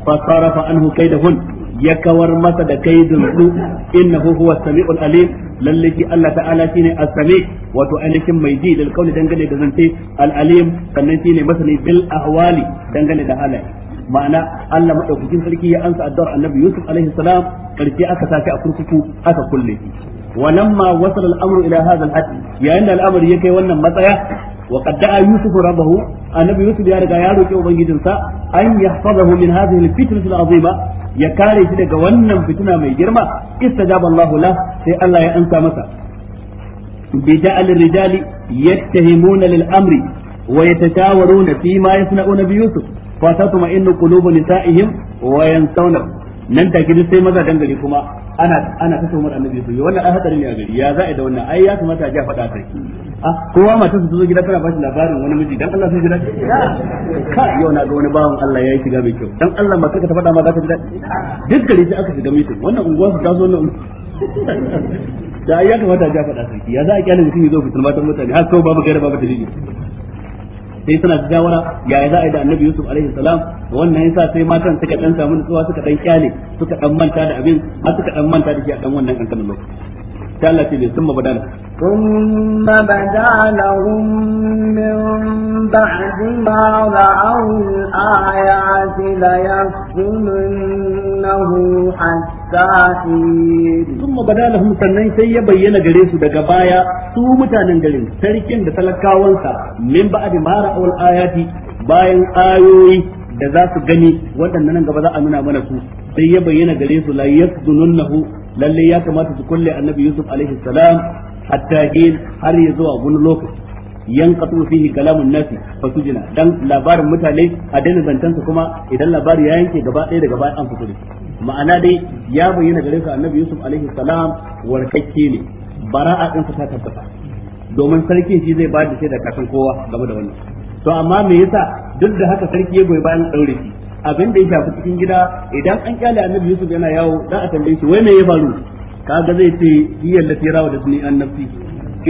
fa sarafa anhu kaidahun ya kawar masa da kai inna innahu huwa samiul alim lalle ki Allah ta'ala shine as-sami wato ainihin mai ji da kauli dangane da zance al-alim sannan shine masani bil ahwali dangane da halaye ma'ana Allah madaukakin sarki ya ansa addu'ar Annabi Yusuf alaihi salam karfi aka sake a kurkuku aka kulle shi walamma wasala al ila hadha al-hadd yayin da al'amari ya kai wannan matsaya وقد دعا يوسف ربه النبي يوسف يا رجال يا روكي وبنجدنسا min يحفظه من هذه الفتنة azima ya kare shi daga wannan fitina mai girma istajaba Allahu la sai Allah ya ansa masa bi ja'al rijali yattahimuna lil amri wa yatashawaruna fi ma yasna'una bi yusuf fa tatma'innu qulubu nisa'ihim wa yansawna nan take sai maza dangare kuma ana ana ta tumar annabi su wannan ai hadari ne a gari ya za'i da wannan ai ya kamata a faɗa sarki Ah, kowa mata su zo gida tana ba shi labarin wani miji dan Allah sai gida ka yau na ga wani bawan Allah yayi shiga mai kyau dan Allah mata ka ta faɗa ma za ka gida duk gari sai aka shiga mitin wannan unguwa su taso nan da ya wata ja faɗa sai ya za a kyale mutum ya zo fitar matan mutane har kawai babu gaira babu dalili sai suna gawara ya za a yi da annabi yusuf alaihi salam wannan yasa sai matan suka dan samu nutsuwa suka dan kyale suka dan manta da abin har suka dan manta da shi a dan wannan kankanin lokaci ta Allah ce bai sun mabadala ثم بدا لهم من بعد ما رأوا الآيات ليسجننه حتى حين ثم بدا لهم sannan sai ya bayyana gare su daga baya su mutanen garin sarkin da talakawansa min ayati bayan ayoyi da za su gani waɗannan gaba za a nuna mana su sai ya bayyana gare su la yakzununnahu lalle ya kamata su kulle annabi yusuf alaihi salam hatta har ya zuwa wani lokaci yanqatu fi kalamun nasi jina, dan labarin mutane a daina zantansa kuma idan labari ya yanke gaba ɗaya daga gaba an fito da ma'ana dai ya bayyana gare ka annabi yusuf alaihi salam warkakke ne bara'a din ta tabbata domin sarkin shi zai ba da shaida kafin kowa game da wannan to amma me yasa duk da haka sarki ya goyi bayan daure shi abin da ya shafi cikin gida idan an kyale annabi yusuf yana yawo za a tambaye shi wai me ya faru kaga zai ce hiyar lati rawa da ni an nafsi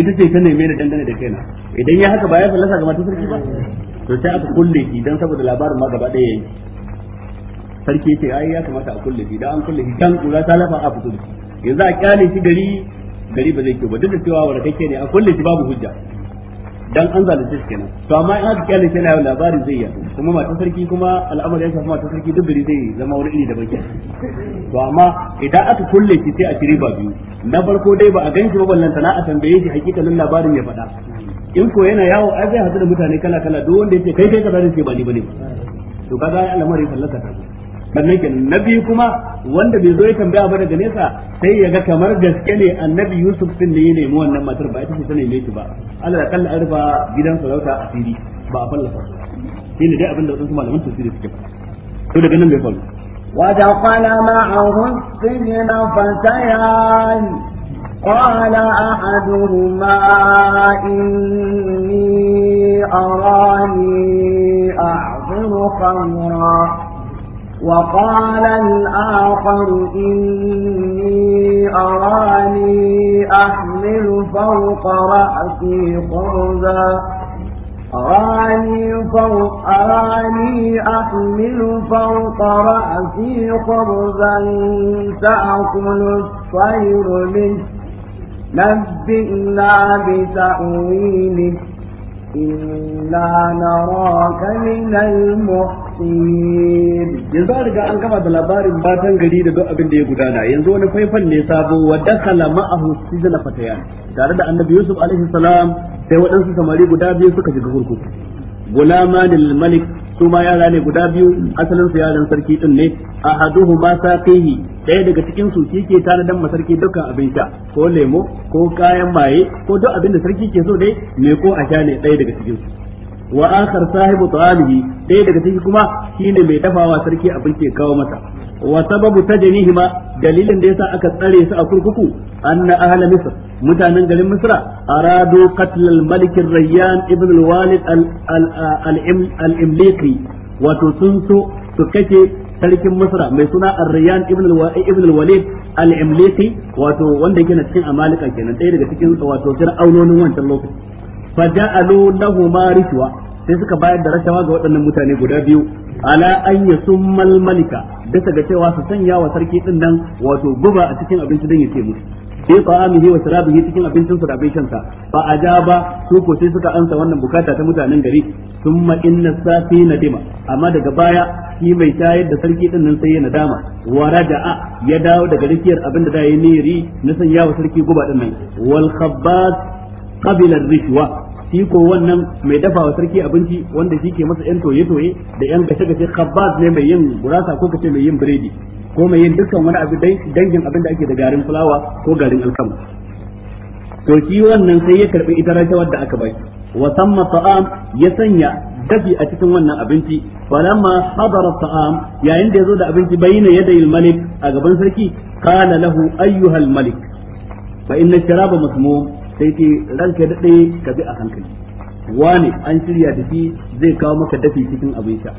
ita ce ta neme da dangane da kaina idan ya haka ba ya fallasa ga matan sarki ba to sai aka kulle shi dan saboda labarin ma gaba daya yi sarki ce ai ya kamata a kulle shi dan an kulle shi dan kula ta lafa a fito yanzu a kyale shi gari gari ba zai ke ba duk da cewa wanda kake ne a kulle shi babu hujja dan an zalunce shi kenan to amma in aka kyale yana yau labari zai yato kuma mata sarki kuma al'amari ya shafi mata sarki duk gari zai zama wani iri daban kenan to amma idan aka kulle shi sai a ci riba biyu na farko dai ba a shi ba ballanta na a tambaye shi hakikalin labarin ya faɗa in ko yana yawo ai zai hadu da mutane kala kala duk wanda yake kai kai kaza ne ba ni bane to kaga al'amari fallaka ta sannan kenan na biyu kuma wanda bai zo ya tambaya ba daga nesa sai ya ga kamar gaske ne annabi yusuf din ne ya nemi wannan matar ba ita ce ta neme shi ba Allah da kalla arba gidan sarauta a fili ba a fallasa shi ne dai abin da wasu malaman tafsiri suke ba to daga nan bai faru ودخل معه السجن فتيان قال أحدهما إني أراني أعصر خمرا وقال الآخر إني أراني أحمل فوق رأسي خبزا أراني فوق أراني أحمل فوق رأسي خبزا تأكل الطير منه نبئنا بتأويله إنا نراك من المحسنين حصير yanzu an riga an gama da labarin batan gari da duk abin da ya gudana yanzu wani faifan ne sabo wa dakala ma'ahu sijna fatayan tare da annabi yusuf alaihi salam sai waɗansu samari guda biyu suka shiga gulama lil malik su ma yara ne guda biyu asalin su yaran sarki din ne a haduhu ma saqihi daya daga cikin su tana dan masarki dukkan abin sha ko lemo ko kayan maye ko duk abin da sarki ke so dai me ko a sha ne daya daga cikin su wa akhar sahibu ta'amihi ɗaya daga ciki kuma shine mai dafawa sarki abinci ya kawo masa wa sababu tajnihima dalilin da yasa aka tsare su a kurkuku anna ahla misr mutanen garin misra aradu qatl al malik rayyan ibn al walid al imliki wato sun so su kace sarkin misra mai suna ar-rayyan ibn ibn al walid al imliki wato wanda yake na cikin amalika kenan ɗaya daga cikin wato fir'aunonin wancan lokaci faja'alu lahu lahumā rishwa sai suka bayar da rashawa ga waɗannan mutane guda biyu ala an yasummal malika bisa ga cewa su sanya wa sarki din nan wato guba a cikin abinci dan ya musu fi ta'amihi wa sharabihi cikin abincin su da abincin sa fa ajaba su ko sai suka ansa wannan bukata ta mutanen gari summa inna safi nadima amma daga baya shi mai tayar da sarki din nan sai ya nadama wa raja'a ya dawo daga rikiyar abinda da yayi niri na sanya wa sarki guba din nan wal khabbas qabila rishwa shi ko wannan mai dafa wa sarki abinci wanda shi ke masa yan toye toye da yan gashe gashe khabbaz ne mai yin gurasa ko kace mai yin biredi ko mai yin dukkan wani abu dangin abin da ake da garin fulawa ko garin alkama to shi wannan sai ya karbi ita rashawar da aka bai wa samma ta'am ya sanya dafi a cikin wannan abinci falamma hadara ta'am yayin da yazo da abinci bayyana yadayil malik a gaban sarki qala lahu ayyuhal malik fa inna sharaba masmum sai ke ranka daɗe ka bi a hankali wani an shirya da shi zai kawo maka dafi cikin abin sha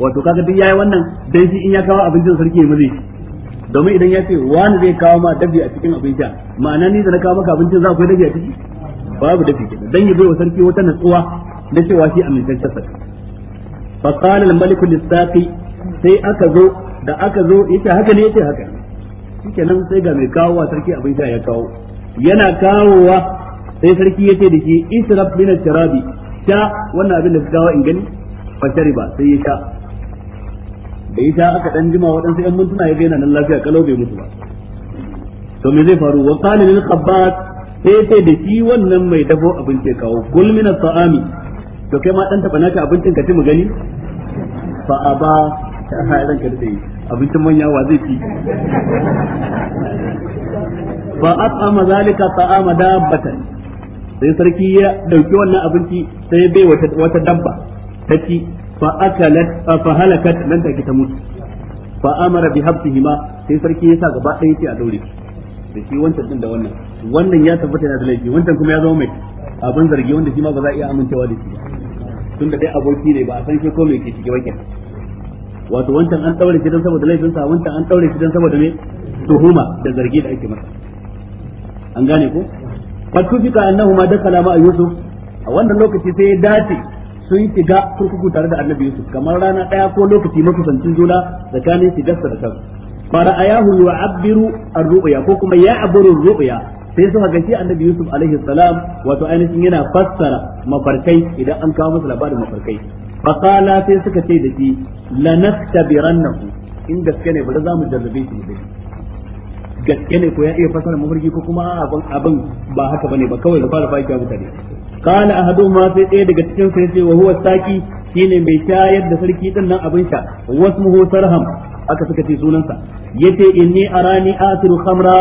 wato kaga duk yayi wannan dan shi in ya kawo abincin sarki ya mazi domin idan ya ce wani zai kawo ma dafi a cikin abin sha ma'ana ni da na kawo maka abincin za akwai dafi a ciki babu dafi kenan dan ya bai wa sarki wata natsuwa da cewa shi amintaccen sarki fa qala al-malik saqi sai aka zo da aka zo yace haka ne yace haka shikenan sai ga mai kawo wa sarki abin sha ya kawo yana kawowa sai sarki ya ce da shi israf min sharabi sha wannan abin da ka kawo in gani fa shariba sai ya sha da sha aka dan jima waɗansu ƴan mintuna ya ga nan lafiya kalau bai mutu ba to me zai faru wa qala lil khabbat sai ce da shi wannan mai dafo abin ke kawo kul min to kai ma dan taba naka abincin ka ci mu gani fa aba ta haran ka dai abincin manya wa zai ci fa at'ama zalika ta'ama dabbatan sai sarki ya dauki wannan abinci sai ya bai wata wata dabba ta ci fa akalat fa halakat nan take ta mutu fa amara bi habsihima sai sarki ya sa gaba ɗaya ce a daure da shi wancan din da wannan wannan ya tabbata yana da laifi wancan kuma ya zama mai abin zargi wanda shi ma ba za a iya amincewa da shi tun da dai aboki ne ba a san shi ko mai ke cike ba kenan wato wancan an daure shi don saboda laifin sa wancan an daure shi don saboda me tuhuma da zargi da ake masa an gane ko fatufika annahuma dakala ma yusuf a wannan lokaci sai ya dace sun shiga kurkuku tare da annabi yusuf kamar rana daya ko lokaci makusancin juna tsakanin shigarsa da kansu fara ayahu yu'abbiru ar-ru'ya ko kuma ya ar-ru'ya sai suka ga annabi yusuf alaihi salam wato ainihin yana fassara mafarkai idan an kawo masa labarin mafarkai faqala sai suka ce da shi lanaktabirannahu in gaske ne bari za mu jarrabe shi ne gaske ne ko ya iya fasara mafarki ko kuma abin abin ba haka bane ba kawai fara rufa ya mutane kana ahadu ma sai ɗaya daga cikin sai ce wa huwa saki shine mai shayar da sarki din nan abin sha wasmuhu sarham aka suka ce sunansa yace inni arani Asiru khamra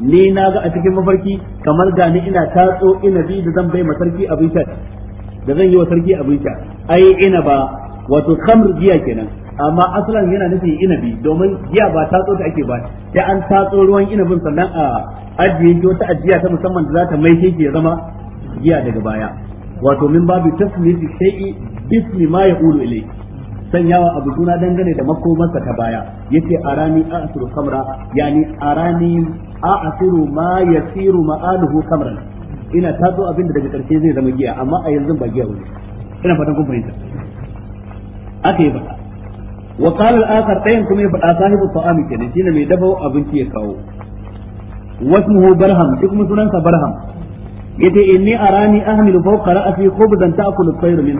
ni na ga a cikin mafarki kamar ga ni ina tatso ina inabi da zan bai ma sarki abin sha da zan yi wa sarki abin sha ai ina ba wato kamar giya kenan amma asalan yana nufin inabi domin giya ba tatso ta ake ba sai an tatso ruwan inabin sannan a ajiye ki wata ajiya ta musamman da za ta mai shi ya zama giya daga baya wato min babu tasmiyati shay'i bismi ma yaqulu ilayhi sanyawa abu suna dangane da makomarsa ta baya yace arani asiru kamra yani arani asiru ma yasiru ma'aluhu kamran ina tatso abin da daga karshe zai zama giya amma a yanzu ba giya bane ina fatan kun fahimta aka yi baka wa qala al-akhar tayin kuma ya faɗa sahibu ta'ami kenan shine mai dafa abinci ya kawo wasmuhu barham duk kuma sunansa barham yace inni arani ahmil fawqa ra'si khubzan ta'kulu at-tayr min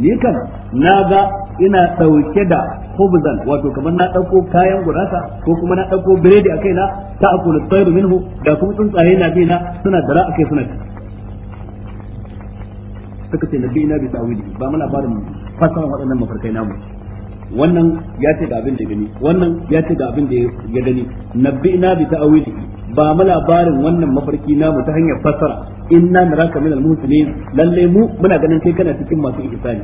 ni kan naga ina dauke da khubzan wato kamar na dauko kayan gurasa ko kuma na dauko biredi a kaina ta'kulu at-tayr minhu da kuma tsuntsaye na bina suna dara akai suna suka ce nabi ina bi ta'wili ba mana barin fasaran waɗannan mafarkai namu wannan ya ce ga abin da gani wannan ya ce ga abin da ya gani nabbi na bi ta'awilihi ba mu labarin wannan mafarki namu ta hanyar fasara inna naraka minal muhsinin lalle mu muna ganin kai kana cikin masu ihsani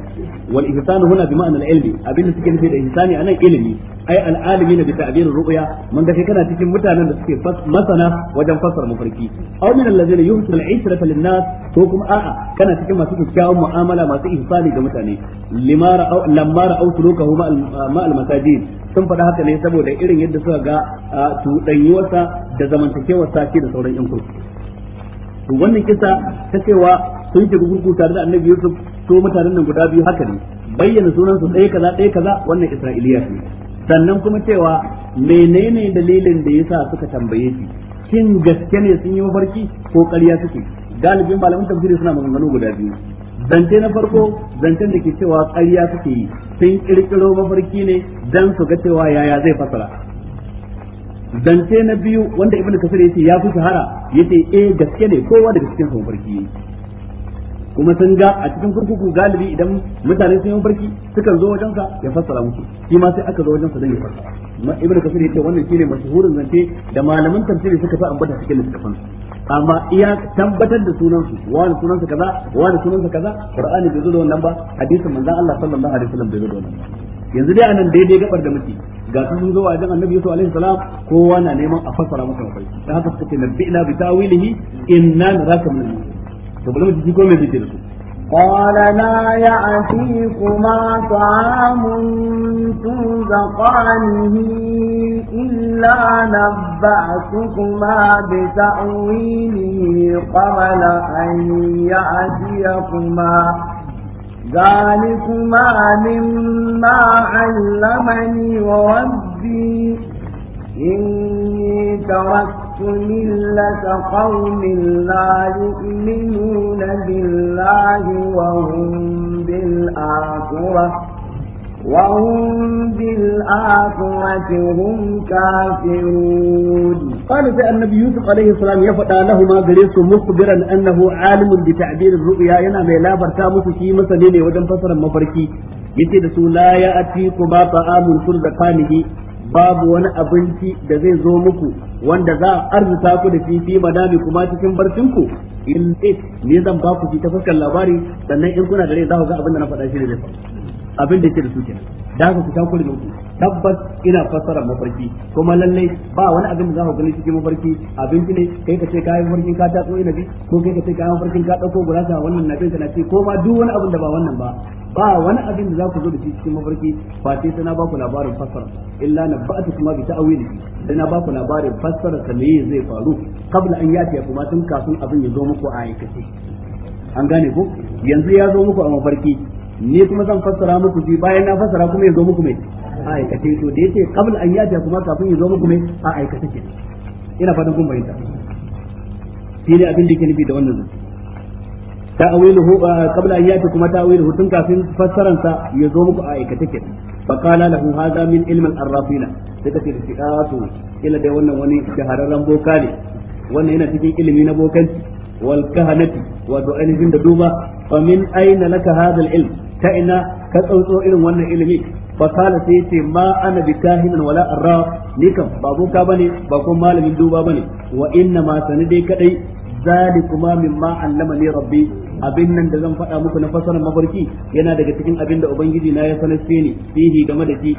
wal ihsanu huna bi ma'anal ilmi abinda suke nufi da ihsani anan ilimi ai al alimin bi ta'bir ru'ya mun ga kai kana cikin mutanen da suke masana wajen fasara mafarki aw min allazina yuhsinu al ishrata lin nas ko kuma a'a kana cikin masu kyakkyawan mu'amala masu ihsani ga mutane lima ra'aw lamma ra'aw sulukahu ma masajid sun faɗa haka ne saboda irin yadda suka ga tudanyuwarsa da zamanta zamantakewar sati da sauran yan wannan kisa ta cewa sun shiga gurgu tare da annabi yusuf to mutanen nan guda biyu haka ne bayyana sunansu ɗaya kaza ɗaya kaza wannan isra'iliya ne sannan kuma cewa menene dalilin da yasa suka tambaye shi kin gaske ne sun yi mafarki ko ƙarya suke galibin malamin tafsiri suna maganganu guda biyu zance na farko zancen da ke cewa ƙarya suke yi sun ƙirƙiro mafarki ne dan su ga cewa yaya zai fasara zance na biyu wanda ibn kasir yace ya fi shahara yace eh gaske ne kowa daga cikin sun farki kuma sun ga a cikin kurkuku galibi idan mutane sun yi farki sukan zo wajen sa ya fassara musu shi ma sai aka zo wajen sa dan ya fassara amma ibn kasir yace wannan shine mashhurin zance da malaman tafsiri suka sa ambata cikin littafin amma iya tabbatar da sunan su wani sunan sa kaza wani sunan sa kaza qur'ani bai zo da wannan ba hadisin manzon Allah sallallahu alaihi wasallam bai zo da wannan yanzu dai anan daidai gabar da muke ga sun zo wajen annabi yusuf alaihi salam kowa na neman a fassara masa mafarki dan haka suka ce nabbi'na bi ta'wilihi inna naraka min to bala mu ji ko me yake da su قال لا يأتيكما طعام ترزقانه إلا نبأتكما بتأويله قبل أن يأتيكما ذلكما مما علمني وربي إني تركت ملة قوم لا يؤمنون بالله وهم بالآخرة وهم بالآخرة هم كافرون قال في النبي يوسف عليه السلام يفتى لهما غريس مخبرا أنه عالم بتعبير الرؤيا ينا لا برتامس في مسلين وجن فسر مفركي yace da su la ya ati kuma babu wani abinci da zai zo muku wanda za a arzuta ku da fifi madami kuma cikin barcinku in ne zan ba ku ta fuskar labari sannan in kuna da rai za ku ga abin da na faɗa shi ne zai faru abin da yake da su kenan da haka ku takure da ku tabbas ina fassara mafarki kuma lalle ba wani abin da za ku gani cikin mafarki abinci ne kai ka ce kayan mafarkin ka ta ina nabi ko kai ka ce kayan mafarkin ka dauko ta wannan na bin kana ce ko ma duk wani abin da ba wannan ba ba wani abin da za ku zo da shi cikin mafarki ba sai na ba ku labarin fassara illa na ba ta kuma bi ta'awili sai na ba ku labarin fassara ta meye zai faru kabla an yati ya kuma tun kafin abin ya zo muku a aikace an gane ko yanzu ya zo muku a mafarki ni kuma zan fassara muku shi bayan na fassara kuma ya zo muku mai a aikace to da yake qabl an yaji kuma kafin ya zo muku mai a aikace ke ina fatan kun bayyana shi ne abin da yake nufi da wannan zance ta'awiluhu qabla an yati kuma ta'awiluhu tun kafin fassaran sa ya zo muku a aikace ke fa qala lahu hadha min ilmin arrafina sai kace da shi ah, ila dai wannan wani shahararren boka ne wannan yana cikin ilimi na bokanci wal kahanati wato ainihin da duba fa min aina laka hadha al ta ina ka tsauso irin wannan ilimin fasala kala sai yace ma ana bi kahinan wala arra ni kam ba boka bane ba ko malamin duba bane wa inna ma sanidai kadai ma allama ne rabbi abin nan da zan faɗa muku na fasarar mafarki yana daga cikin abin da ubangiji na ya sanar ni fihi game da shi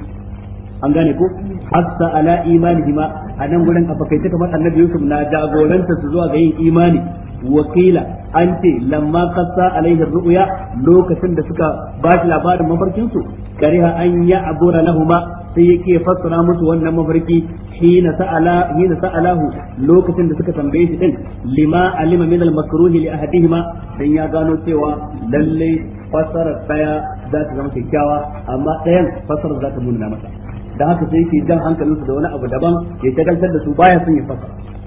an gane ko hatta ala imani hima a nan gurin a fakaita kamar annabi Yusuf na jagoranta su zuwa ga yin imani wakila an ce lamma qassa alaihi ru'ya lokacin da suka ba shi labarin mafarkin su kariha an ya abura lahuma sai yake fassara musu wannan mafarki hina sa'ala hina sa'alahu lokacin da suka tambaye shi din lima alima min al makruhi li ahadihima dan ya gano cewa lalle fassarar daya za ta zama kyakkyawa amma dayan fassarar za ta munana masa da haka sai yake jan hankalinsu da wani abu daban ya shagaltar da su baya sun ya fasara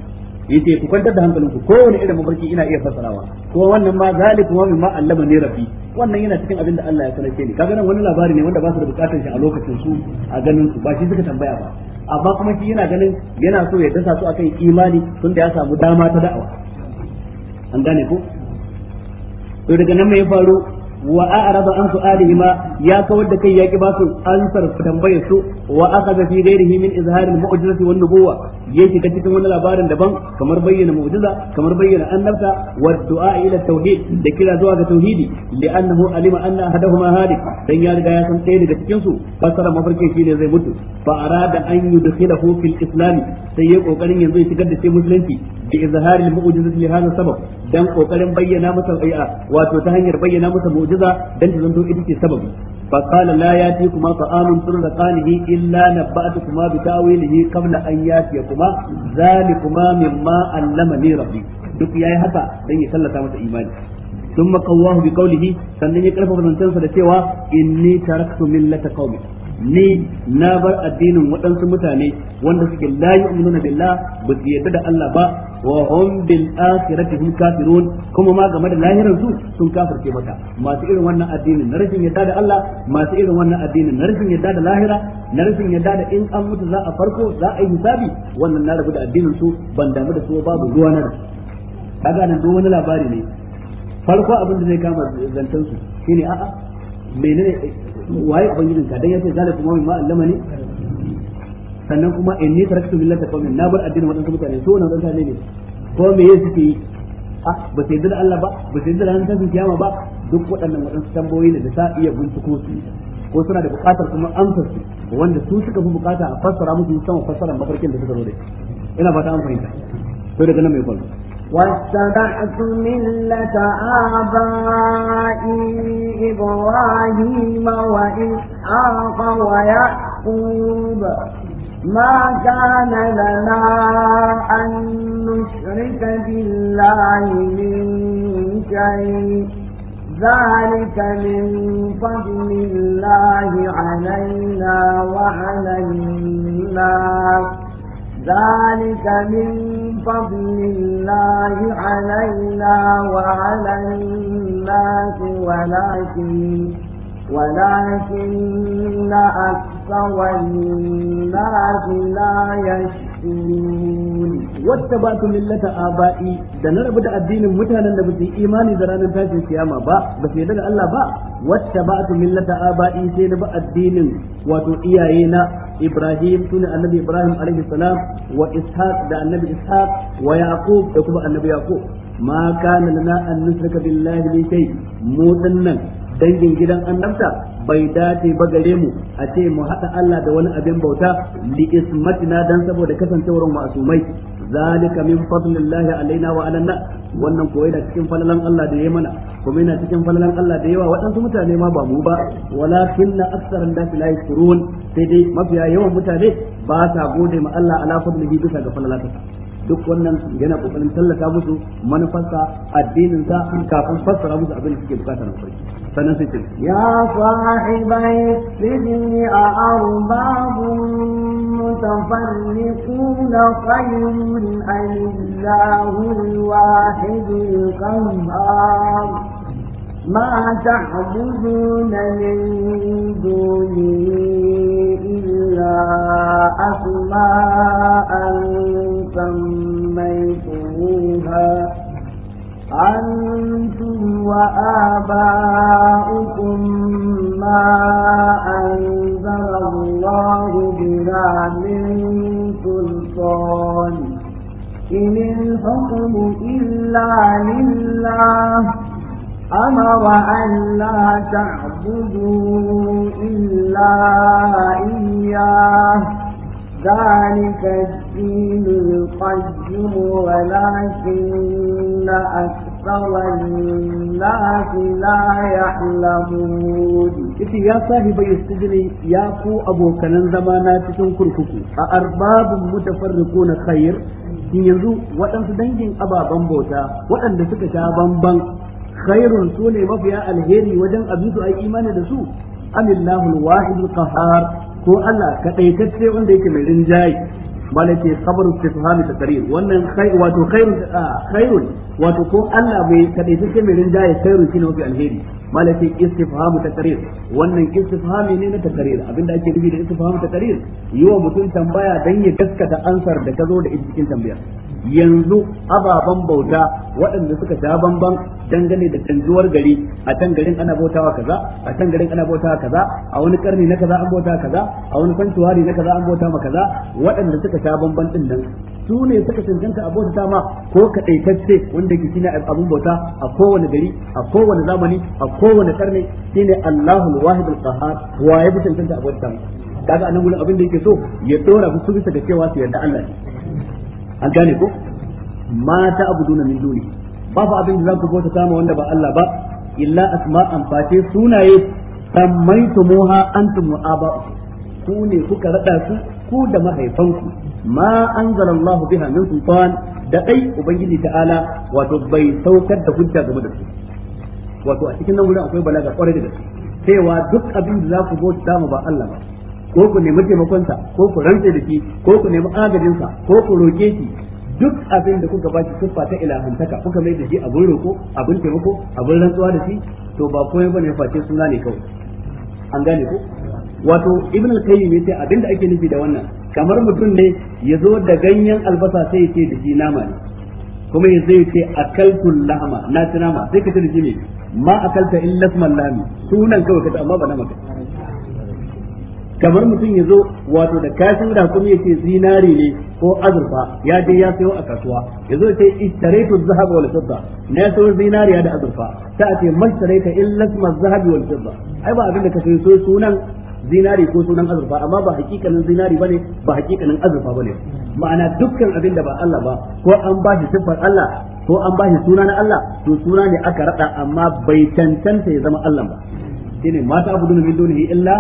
yace ku kwantar da hankalinku kowane irin mafarki ina iya fasarawa ko wannan ma zalikum wa mimma allama ni rabbi wannan yana cikin abin da Allah ya sanar ke ni kaga nan wani labari ne wanda ba su da bukatar shi a lokacin su a ganin su ba shi suka tambaya ba amma kuma shi yana ganin yana so ya dasa su akan imani tunda ya samu dama ta da'awa an gane ko to daga nan mai ya faru wa a'rada an su'alihima ya kawar da kai ya ki basu ansar tambayar su wa akhadha fi ghairihi min izhar al-mu'jizati wan nubuwa ya shiga cikin wani labarin daban kamar bayyana mu'jiza kamar bayyana annabta wa du'a ila tauhid da kira zuwa ga tauhidi li'annahu alima anna ahaduhuma halik dan ya riga ya san ɗaya daga cikin su fasara Mafarki shine zai mutu fa arada an yudkhilahu fil islam sai ya kokarin yanzu ya shigar da shi musulunci bi izhar mujizati hadha sabab dan kokarin bayyana masa wato ta hanyar bayyana masa mu'jiza dan ta zanto ita ke sababi fa qala la yatikuma ta'amun turzaqanihi illa nabba'atukuma bi ta'wilihi qabla an yatikuma zalikuma mimma allamani rabbi duk yayi haka dan ya sallata masa imani ثم قواه sannan ya يقرب من تنسى لتيوا إني تركت millata قومي ni na bar addinin waɗansu mutane wanda suke la yu'minuna billah ba su yarda da Allah ba wa hum bil akhirati kafirun kuma ma game da lahirin su sun kafirce mata masu irin wannan addinin na rashin yarda da Allah masu irin wannan addinin na rashin yarda da lahira na rashin yarda da in an mutu za a farko za a yi hisabi wannan na rabu da addinin su ban damu da su babu ruwa na kaga nan duk wani labari ne farko abin da zai kama zantansu shine a'a menene waye ubangijin ka dan yace zalikum ma mimma allamani sannan kuma inni taraktu millata qaumin na bar addinin wadansu mutane so wannan dan ne ko me yake suke ah ba sai da Allah ba ba sai da ran tasin kiyama ba duk waɗannan wadansu tambayoyi ne da sa iya binciko su ko suna da buƙatar kuma amsar su wanda su suka fi buƙata a fassara musu sama fassara mafarkin da suka zo da ina fata an fahimta to daga nan mai kwallo واتبعت ملة آبائي إبراهيم وإسحاق ويعقوب ما كان لنا أن نشرك بالله من شيء ذلك من فضل الله علينا وعلى الناس ذلك من فضل الله علينا وعلى الناس ولكن ولكن أكثر الناس لا يشكرون يشركون واتبعت ملة آبائي da na rabu da addinin mutanen da basu imani da ranar tashin kiyama ba ba su yarda da Allah ba wattaba'tu millata aba'i sai na ba addinin wato iyayena Ibrahim tuni annabi Ibrahim alaihi salam wa Ishaq da annabi Ishaq wa Yaqub da kuma annabi Yaqub ma kana lana an nusrika billahi min shay mu dinnan dangin gidan annabta bai dace ba gare mu a ce mu haɗa Allah da wani abin bauta li ismatina dan saboda kasancewar ma'asumai zalika min fadlillahi alaina wa ala nas wannan koyi da cikin falalan Allah da yayi mana kuma yana cikin falalan Allah da yawa waɗansu mutane ma ba mu ba walakinna aktsaran da la yashkurun sai dai mafiya yawan mutane ba sa gode ma Allah ala fadlihi bisa ga falalansa duk wannan yana kokarin tallata musu manufarsa addininsa kafin fassara musu abin da suke bukata na farki sannan sai ya sahibai sidni a arbabun mutafarriqun khayrun an illahu alwahid alqahhar ما تعبدون من دونه إلا أسماء سميتموها أنتم وآباؤكم ما أنزل الله بها من سلطان إن الحكم إلا لله أمر أن لا تعبدوا إلا إياه ذلك الدين القيم ولكن أكثر الناس لا يعلمون إذا يا صاحب السجن يا na أبو كنن زمانا تكون أأرباب متفرقون خير in yanzu waɗansu dangin ababen bauta waɗanda suka sha bamban khairun su ne mafiya alheri wajen abin su ai imani da su amillahul wahidul qahar ko Allah kadaitacce wanda yake mai rinjaye bala ke sabar istifham ta tarihi wannan kai wato khairun ah, khairun wato ko Allah mai kadaitacce mai rinjaye khairun shine mafi alheri malaki istifhamu tarir wannan istifhami ne na taqrir abinda ake nufi da istifhamu tarir yiwa mutum tambaya dan ya gaskata ansar da ka zo da ita cikin tambayar yanzu ababen bauta waɗanda suka sha bamban dangane da canzuwar gari a can garin ana bautawa kaza a can garin ana bautawa kaza a wani karni na kaza an bauta kaza a wani kantuwari na kaza an bauta ma kaza waɗanda suka sha bamban din nan su ne suka cancanta a bauta ma ko kaɗaitacce wanda ke shine abin bauta a kowane gari a kowane zamani a kowane karni shine Allahul Allahu al-Qahhar wa ya bitan ta da kaga anan gurin abin da yake so ya dora su bisa ga cewa su yarda Allah ne an gane ko ma ta abuduna min duni babu abin da za ku bauta sama wanda ba Allah ba illa asma'an face sunaye sammaitumuha antum wa ba ku ne kuka rada su ku da mahaifanku ma anzalallahu biha min sultan da dai ubangiji ta'ala wato bai saukar da hujja game da su wato a cikin nan gudun akwai balaga kwarai da gaske cewa duk abin da za ku bauta mu ba Allah ba ko ku nemi taimakonsa ko ku rantse da shi ko ku nemi agajinsa ko ku roke shi duk abin da kuka baki siffa ta ilahantaka kuka mai da shi abin roko abin taimako abin rantsuwa da shi to ba komai bane face sun gane kawai an gane ko wato ibn al-qayyim yace abin da ake nufi da wannan kamar mutum ne ya zo da ganyen albasa sai ya ce da shi nama ne kuma ya zai ce akaltul lahama na ci nama sai ka ce da shi ne ma akalta illa isman lami sunan kawai kace amma ba na maka kamar mutum ya zo wato da kashin da kuma yace zinari ne ko azurfa ya je ya sayo a kasuwa ya zo sai istaraitu zahaba wal fidda na sayo zinariya da azurfa ta ce mashtaraita illa isma zahabi wal fidda ai ba abin da ka sayo so sunan zinari ko sunan azurfa amma ba hakikanin zinari bane ba hakikanin azurfa bane ma'ana dukkan abin da ba Allah ba ko an ba shi siffar Allah ko an ba shi suna na Allah to suna ne aka rada amma bai tantance ya zama Allah ba shine mata abudu min dunihi illa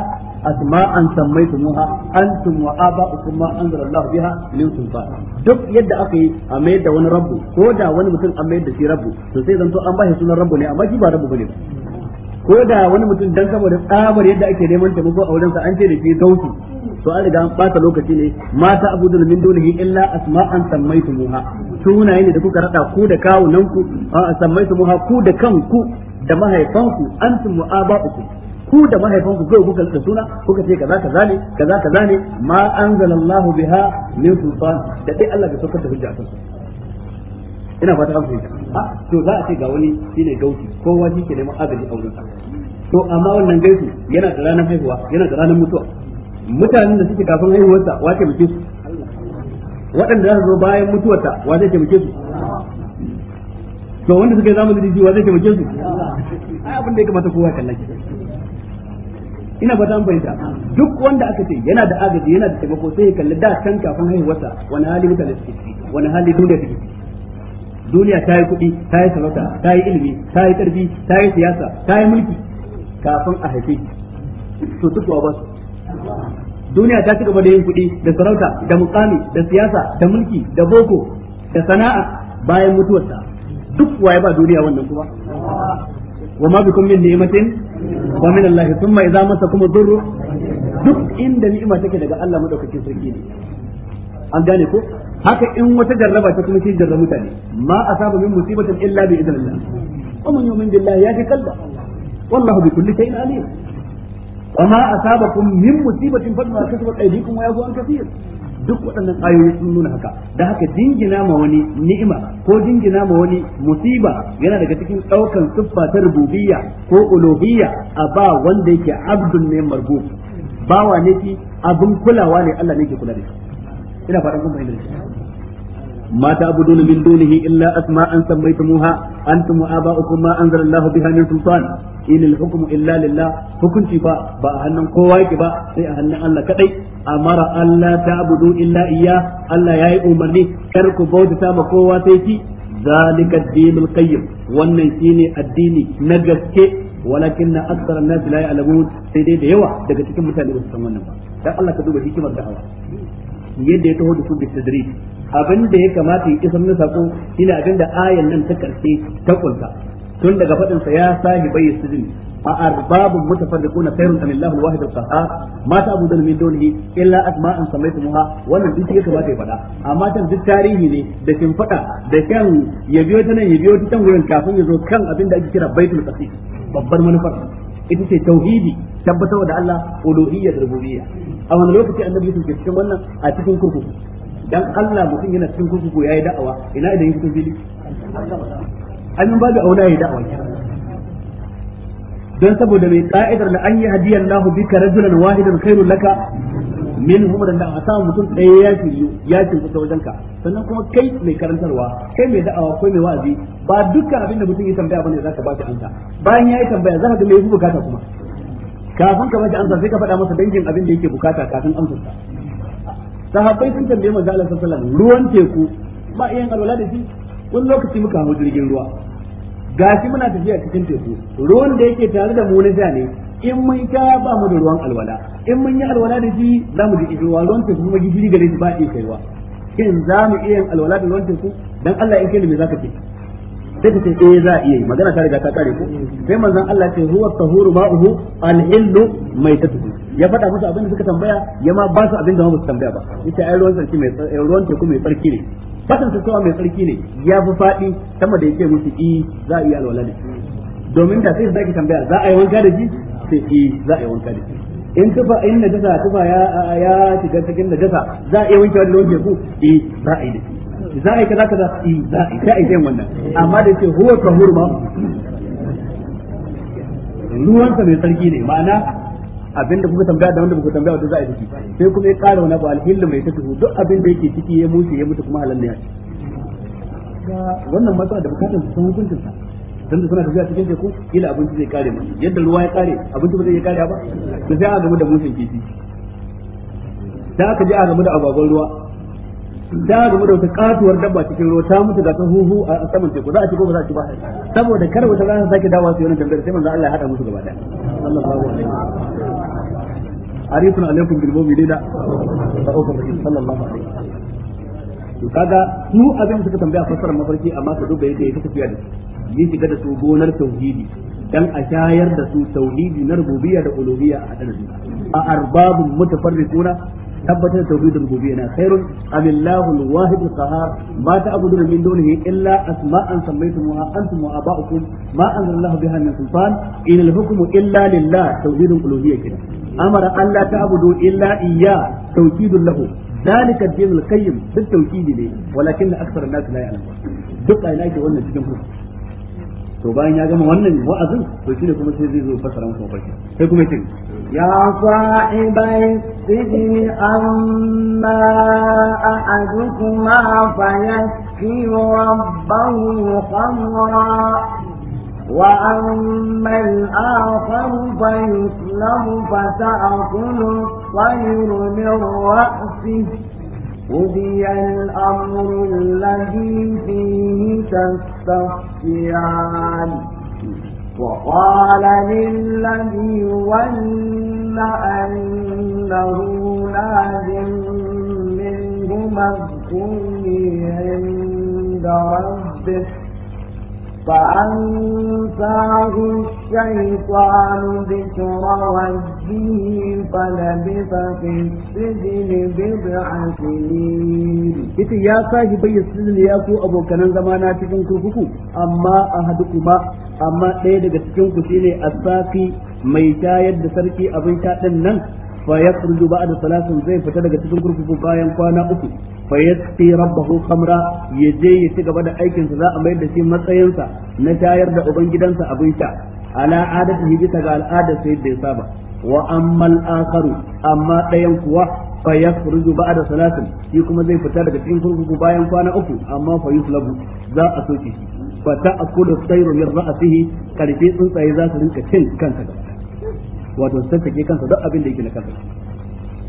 asma an sammaytumuha antum wa aba'ukum ma anzala Allah biha min sultan duk yadda aka yi a mai da wani rabbu ko da wani mutum an mai da shi rabbu to sai zanto an ba shi sunan rabbu ne amma shi ba rabbu bane ko da wani mutum dan saboda tsabar yadda ake neman taimako a wurin sa an ce da shi gauti to an riga an bata lokaci ne mata abudu min dunihi illa asma asma'an sammaytumuha sunaye yin da kuka rada ku da kawunan ku a sammai su muha ku da kanku da mahaifanku an ba uku ku da mahaifanku kai kuka rada suna kuka ce kaza kaza ne kaza kaza ne ma anzalallahu biha min sultan da dai Allah bai sokar da hujja akan ina fata an fahimta to za a ce ga wani shine gauti kowa shi ke neman agaji a wurin to amma wannan gaisu yana da ranar haihuwa yana da ranar mutuwa mutanen da suke kafin haihuwarsa wace mutum waɗanda za su zo bayan mutuwarta wa zai taimake su to wanda suka yi zamu da wa zai taimake su ai abin da ya kamata kowa kallon ina fata an fahimta duk wanda aka ce yana da agaji yana da taimako sai ya kalli da can kafin haihuwarsa wani hali mutane suke wani hali duniya take duniya ta yi kuɗi ta yi sarauta ta yi ilimi ta yi ƙarfi ta yi siyasa ta yi mulki kafin a haife to duk wa ba su duniya ta ci gaba da yin kuɗi da sarauta da mukami da siyasa da mulki da boko da sana'a bayan mutuwarsa duk waye ba duniya wannan kuma wa ma bikum min ni'matin wa min Allah thumma idza masakum dhurru duk inda ni'ima take daga Allah madaukakin sarki ne an gane ko haka in wata jarraba ta kuma shi jarraba mutane ma asaba min musibatin illa bi idnillah wa man yu'min billahi yahdi qalba wallahu bi kulli shay'in alim a وما أصابكم من مصيبة فبما كسبت أيديكم ويعفو عن كثير duk waɗannan ayoyi sun nuna haka da haka jingina ma wani ni'ima ko jingina ma wani musiba yana daga cikin ɗaukan siffa ta rububiyya ko ulobiyya a ba wanda yake abdun ne margu bawa ne fi abin kulawa ne Allah ne ke kula da shi ina faɗan kun fahimta ما تعبدون من دونه إلا أسماء أن سميتموها أنتم وآباؤكم ما أنزل الله بها من سلطان إن الحكم إلا لله حكم شفاء بأهن قوائك با سيأهن الله كتي أمر ألا تعبدوا إلا إياه ألا يأي أمني كرك بود سام قواتيكي ذلك الدين القيم wannan shine addini na gaske walakin na aksar nas la ya'lamun sai dai da yawa daga cikin mutane ba su san wannan ba dan Allah ka duba hikimar da'awa yadda ya taho da su bitadrid abin da ya kamata ya isar na sako shine abin da ayan nan ta karshe ta kunta tun daga ya sa ya yi sujudi a arbabun mutafarriquna khairun am Allahu al-wahid al-qahhar ma ta'budun min dunihi illa asma'an samaitumuha wannan duk ya kamata ya faɗa amma tan duk tarihi ne da kin faɗa da kan ya biyo ta nan ya biyo ta can kafin ya zo kan abin da ake kira baitul qasid babbar manufar ita ce tauhidi tabbatar da Allah uluhiyya da rububiyya a wani lokaci annabi Yusuf ke cikin wannan a cikin kurkuku dan Allah mutum yana cikin kurkuku yayi da'awa ina idan yi fito fili an ba da auna yayi da'awa dan saboda mai ka'idar la an yi hadiyan lahu bika rajulan wahidan khairul laka min humran da a samu mutum ɗaya ya yi ya shiryu ta wajen ka sannan kuma kai mai karantarwa kai mai da'awa ko mai wa'azi ba dukkan abin da mutum ya tambaya bane ka ba shi anta bayan ya yi tambaya ka ga me yi bukata kuma kafin ka bashi ansa sai ka faɗa masa dangin abin da yake bukata kafin amsar sa sahabbai sun tambaye manzo Allah sallallahu alaihi wasallam ruwan teku ba iyan alwala da shi wani lokaci muka hawo jirgin ruwa gashi muna tafiya cikin teku ruwan da yake tare da mu na ne in mun sha ba mu da ruwan alwala in mun yi alwala da shi za mu da ruwa ruwan teku kuma gishiri gare shi ba iya kaiwa shin za mu iya yin alwala da ruwan ku dan Allah in kai me zaka ce sai ka ce eh za a iya yi magana ta riga ta kare ko sai manzon Allah ce huwa tahuru ma'uhu al-illu maitatuhu ya faɗa musu abin da suka tambaya ya ma ba su abin da ba su tambaya ba yace ai ruwan sarki mai eh, ruwan teku mai sarki ne fatan ta cewa mai sarki ne ya fi faɗi sama da yake musu i eh, za a iya alwala da shi domin da sai su zaki tambaya za a yi wanka da shi ce eh za a yi wanka da in tufa in najasa tufa ya ya shiga cikin najasa za a yi wanka da wanke ku eh za a yi da shi za a yi kaza kaza eh za a yi sai a yi wannan amma da ce huwa tahur ma ruwansa mai sarki ne ma'ana abin da kuka tambaya da wanda kuka tambaya wanda za a yi ciki sai kuma ya ƙara wani abu alhillu mai tafi duk abin da yake ciki ya mutu ya mutu kuma halal ne ya wannan matsala da bukatar su san tunda suna tafiya cikin teku kila abinci zai kare musu yadda ruwa ya kare abinci ba zai kare ba to sai a gamu da musun kifi da aka ji a gamu da ababen ruwa da aka gamu da wata katuwar dabba cikin ruwa ta mutu ga ta huhu a saman teku za a ci ko ba za a ci ba saboda kar wata rana sake dawowa su yana tambayar sai manzo Allah ya hada musu gaba daya Allah alaihi wasallam arifun alaikum bil da sallallahu alaihi wasallam to kaga su abin suka tambaya fassarar mafarki amma ka duba yadda ya tafiya da su yi shiga da su gonar tauhidi dan a shayar da su tauhidi na rububiyya da uluhiyya a hadar su a arbabun mutafarriquna tabbatar da tauhidin rububiyya na khairun amillahu alwahid alqahar ma min dunihi illa asma'an sammaytumuha antum wa aba'ukum ma anzalallahu biha min sultan illa lillah tauhidul kida amara an ta'budu illa iyyah tawkidul lahu ذلك الدين القيم بالتوكيد ne ولكن اكثر الناس لا يعلمون duk a ina ke wannan cikin to bayan ya gama wannan wa'azin to shine kuma sai zai zo fasara masa barki sai kuma yake ya sa'ibai sidni amma ahadukuma fayaski rabbahu khamra وأما الآخر فيسلم فتأكل الطير من رأسه قضي الأمر الذي فيه تستخفيان وقال للذي ظن أنه ناد منهما اذكرني عند ربه فأنفعه الشيطان ذكر ربه فلبث في السجن بضع سنين. إذا يا صاحب السجن يا سوء أبو كان زمانا تكون كوكو أما أحدكما أما ɗaya daga cikin ku shine asaki mai أبو da sarki fa yakhruju da salatin zai fita daga cikin kurkuku bayan kwana uku fa yasqi rabbahu ya je ya ci gaba da aikin sa za a mai da shi matsayinsa na tayar da ubangidansa abin sha ala adatihi ta ga al'adar sai da ya saba wa ammal akharu amma dayan kuwa fa yakhruju da salatin shi kuma zai fita daga cikin kurkuku bayan kwana uku amma fa yuslabu za a soke shi fa ta'kulu sayru min ra'sihi karfi tsuntsaye za su rinka cin kansa wato sassake kansa duk abin da yake na kansa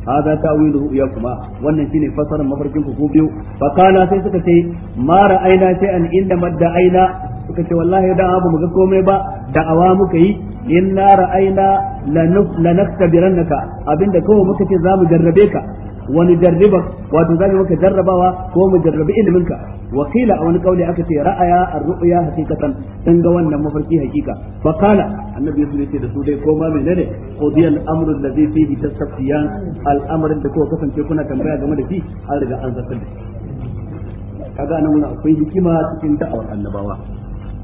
hada ta'wilu ya kuma wannan shine fasaran mafarkin ku ko biyu fa kana sai suka ce ma ra'ayna shay'an inda madda aina suka ce wallahi da abu muga komai ba da'awa muka yi inna ra'ayna lanaktabirannaka abinda kawai muka ce za mu jarrabe ka Wani nujarriba wato zamu maka jarrabawa ko mu jarrabi ilimin ka wakila a wani kauli aka ce ra'aya ar-ru'ya haqiqatan dan ga wannan mafarki hakika fa qala annabi yusuf yace da su dai ko ma menene qudi al-amru alladhi fihi tastafiyan al-amrin da ko kasance kuna tambaya game da shi an riga an zartar da kaga nan akwai hikima cikin da'awar annabawa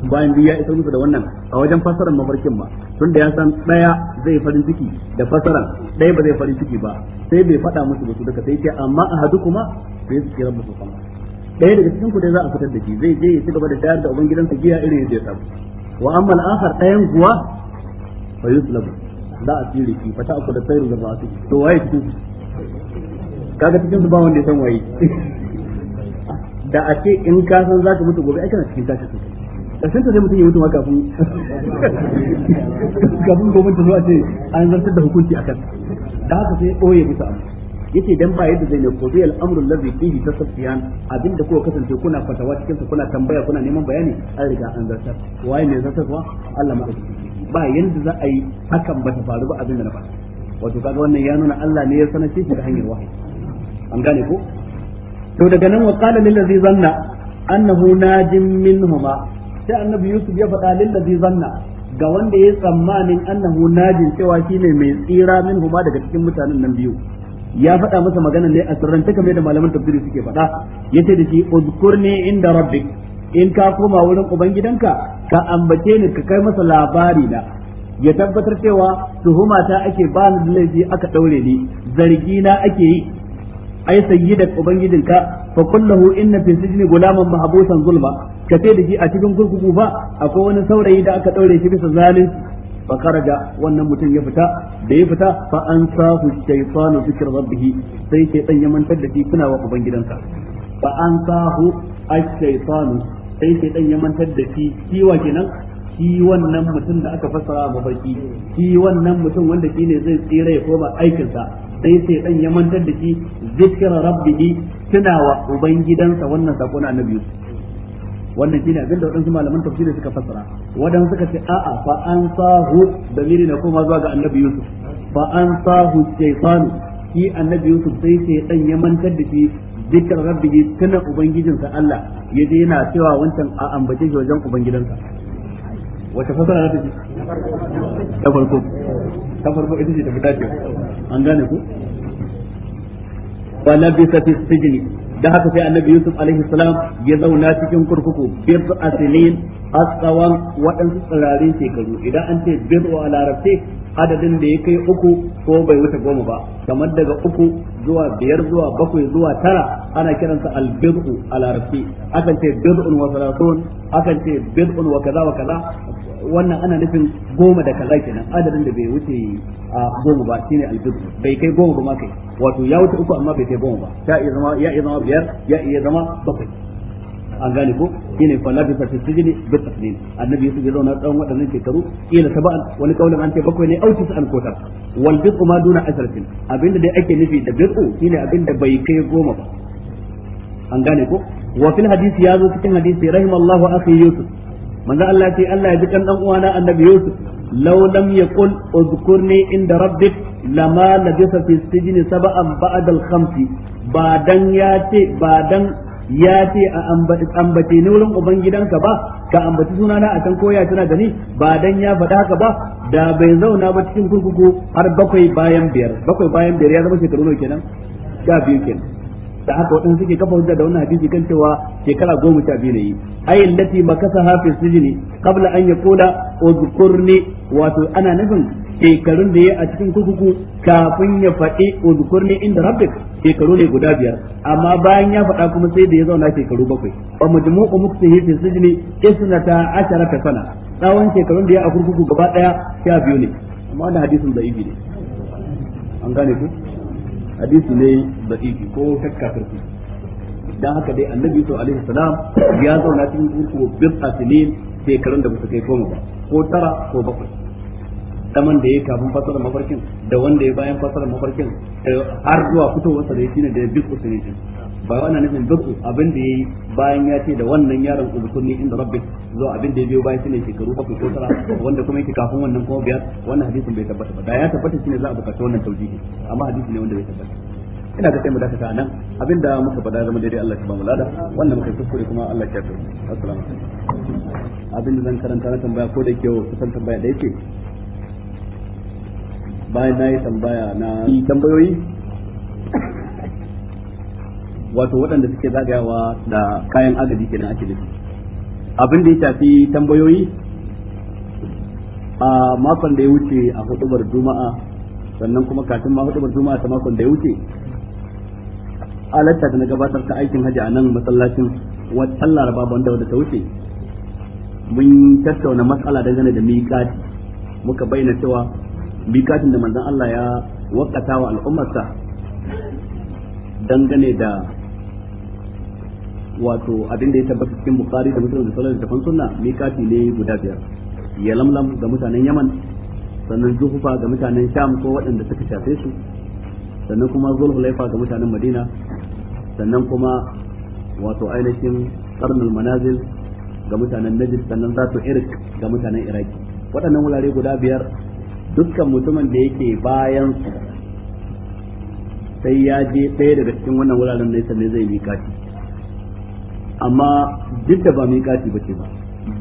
bayan duk ya isar musu da wannan a wajen fasaran mafarkin ma tun da ya san daya zai farin ciki da fasaran daya ba zai farin ciki ba sai bai faɗa musu ba su daga sai ke amma a hadu kuma sai su kira musu sama daya daga cikin ku dai za a fitar da shi zai je ya ci gaba da tayar da ubangidansa giya irin yadda ya samu wa amma al ɗayan dayan kuwa fa yuslabu za a tsire shi fa a kula sayru da su to waye cikin su kaga cikin su ba wanda ya san waye da a ce in ka san zaka mutu gobe ai kana cikin tashi sosai ƙarshen ta zai mutum ya mutu ma kafin kafin gomin ta zuwa ce an zartar da hukunci a kan da haka sai ɓoye bisa abu yace dan ba yadda zai ne ko zai al'amrul ladzi fihi tasaffiyan abinda kuka kasance kuna fatawa cikin su kuna tambaya kuna neman bayani an riga an zartar waye ne zartarwa Allah ma ba yanda za a yi hakan ba ta faru ba abinda na faɗa wato kaga wannan ya nuna Allah ne ya sanar shi da hanyar wahayi an gane ko to daga nan wa qala lil ladzi zanna annahu najim minhuma sai annabi yusuf ya faɗa lillazi zanna ga wanda ya yi tsammanin annahu najin cewa shine mai tsira min huma daga cikin mutanen nan biyu ya faɗa masa magana ne a sirrance kame da malaman tafsiri suke faɗa ya ce da shi uzkurni inda rabbik in ka koma wurin ubangidanka ka ambace ni ka kai masa labari na ya tabbatar cewa tuhuma ta ake ba ni laifi aka ɗaure ni zargi na ake yi ai sayyidak ubangijinka fa kullahu inna fi sijni gulaman mahbusan zulma ka da shi a cikin kurkuku ba akwai wani saurayi da aka daure shi bisa zalunci fa karaja wannan mutum ya fita da ya fita fa an safu shaytanu zikr rabbih sai shaytan ya mantar da shi wa ubangidansa fa an sahu ash-shaytanu sai shaytan ya mantar da shi kiwa kenan shi wannan mutum da aka fassara mafarki shi wannan mutum wanda shine zai tsira ya koma aikinsa sai sai dan ya mantar da shi zikra rabbihi tunawa ubangidansa wannan sako na annabi Yusuf wannan shine abinda waɗansu malaman tafsiri suka fassara Wadan suka ce a'a fa an sahu damiri na koma zuwa ga annabi Yusuf fa an sahu shaytan shi annabi Yusuf sai sai dan ya mantar da shi zikra rabbihi tuna ubangijinsa Allah yaje yana cewa wancan a ambace shi wajen ubangidansa wata fasara ta ce ta farko ta farko ita ce tafi dacewa an gane ku labisa fi sijni da haka sai annabi yusuf alaihi salam ya zauna cikin kurkuku bir asilin asawan waɗansu tsirarin shekaru idan an ce bir a larabce adadin da ya kai uku ko bai wuce goma ba kamar daga uku zuwa biyar zuwa bakwai zuwa tara ana kiransa albid'u a larabci akan ce bid'un wa salatun akan ce bid'un wa kaza wa kaza wannan ana nufin goma da kaza kenan adadin da bai wuce a goma ba shine albid'u bai kai goma ba ma kai wato ya wuce uku amma bai kai goma ba ya iya zama ya iya zama biyar ya iya zama bakwai an gane ko shine ne fa sijini bi tasnin annabi yusuf ya zauna dan wadannan shekaru kila saba'an wani kaulin an ce bakwai ne au tis'an ko tar wal bid'u ma duna asratin abinda dai ake nufi da bid'u shine abinda bai kai goma ba an gane ko wa fil hadisi ya zo cikin hadisi rahimallahu akhi yusuf manzo Allah ce Allah ya ji kan dan uwana annabi yusuf law lam yaqul udhkurni inda rabbik lama labisa fi sijni sab'an ba'da al-khamsi ba dan ya ce ba dan ya ce a ambace ni wurin uban gidanka ba ka ambaci sunana a can koya tana da ni ba dan ya faɗa haka ba da bai zauna ba cikin kurkuku har bakwai bayan biyar bakwai bayan biyar ya zama shekaru nawa kenan ga biyu kenan da haka wadanda suke kafa hujja da wannan hadisi kan cewa shekara goma sha biyu ne yi ay allati makasaha fi sijni qabla an yaqula udkurni wato ana nufin shekarun da ya a cikin kukuku kafin ya faɗi udkurni inda rabbik shekaru ne guda biyar amma bayan ya faɗa kuma sai da ya zauna shekaru bakwai wa majmu'u muktihi fi sijni isnata asharata sana tsawon shekarun da ya a kurkuku gaba daya sha biyu ne amma wannan hadisin ibi ne an gane ku hadisi ne da'ifi ko kakkafirci dan haka dai annabi to alaihi salam ya zauna cikin kurku bid'a sinin shekarun da ba kai koma ba ko tara ko bakwai daman da ya kafin fasarar mafarkin da wanda ya bayan fasarar mafarkin eh, har zuwa fitowar da ya shine da ya bid'a ba wani nufin duk abin da yi bayan ya ce da wannan yaron ne inda rabbi zuwa abin da ya biyo bayan shine shekaru bakwai ko tara wanda kuma yake kafin wannan kuma biyar wannan hadisin bai tabbata ba da ya tabbata shine za a bukaci wannan taujihi amma hadisi ne wanda bai tabbata ina ga sai mu dakata nan abinda muka faɗa zama daidai Allah ya ba mu lada wannan muka kuskure kuma Allah ya tafi assalamu alaikum abinda zan karanta na tambaya ko da yake kusan tambaya da yake bayan na yi tambaya na tambayoyi wato waɗanda suke zagayawa da kayan agaji kenan ake da abin da ya shafi tambayoyi a makon da ya wuce a hudubar juma'a sannan kuma kafin ma hudubar juma'a ta makon da ya wuce alatta da na gabatar ta aikin hajji a nan masallacin wata laraba wanda wadda ta wuce mun tattauna matsala dangane da miƙati muka bayyana cewa miƙatin da manzon Allah ya wakata wa al'ummarsa dangane da wato abin da ya tabbata cikin bukari da muslim da sauran littafan sunna miƙati ne guda biyar ya lamlam ga mutanen yaman sannan juhufa ga mutanen sham ko waɗanda suka shafe su sannan kuma zulhulaifa ga mutanen madina sannan kuma wato ainihin karnul manazil ga mutanen najis sannan za su irk ga mutanen iraki waɗannan wurare guda biyar dukkan mutumin da yake bayan sai ya je ɗaya daga cikin wannan wuraren nesa ne zai yi shi amma jidda ba miƙati kati ba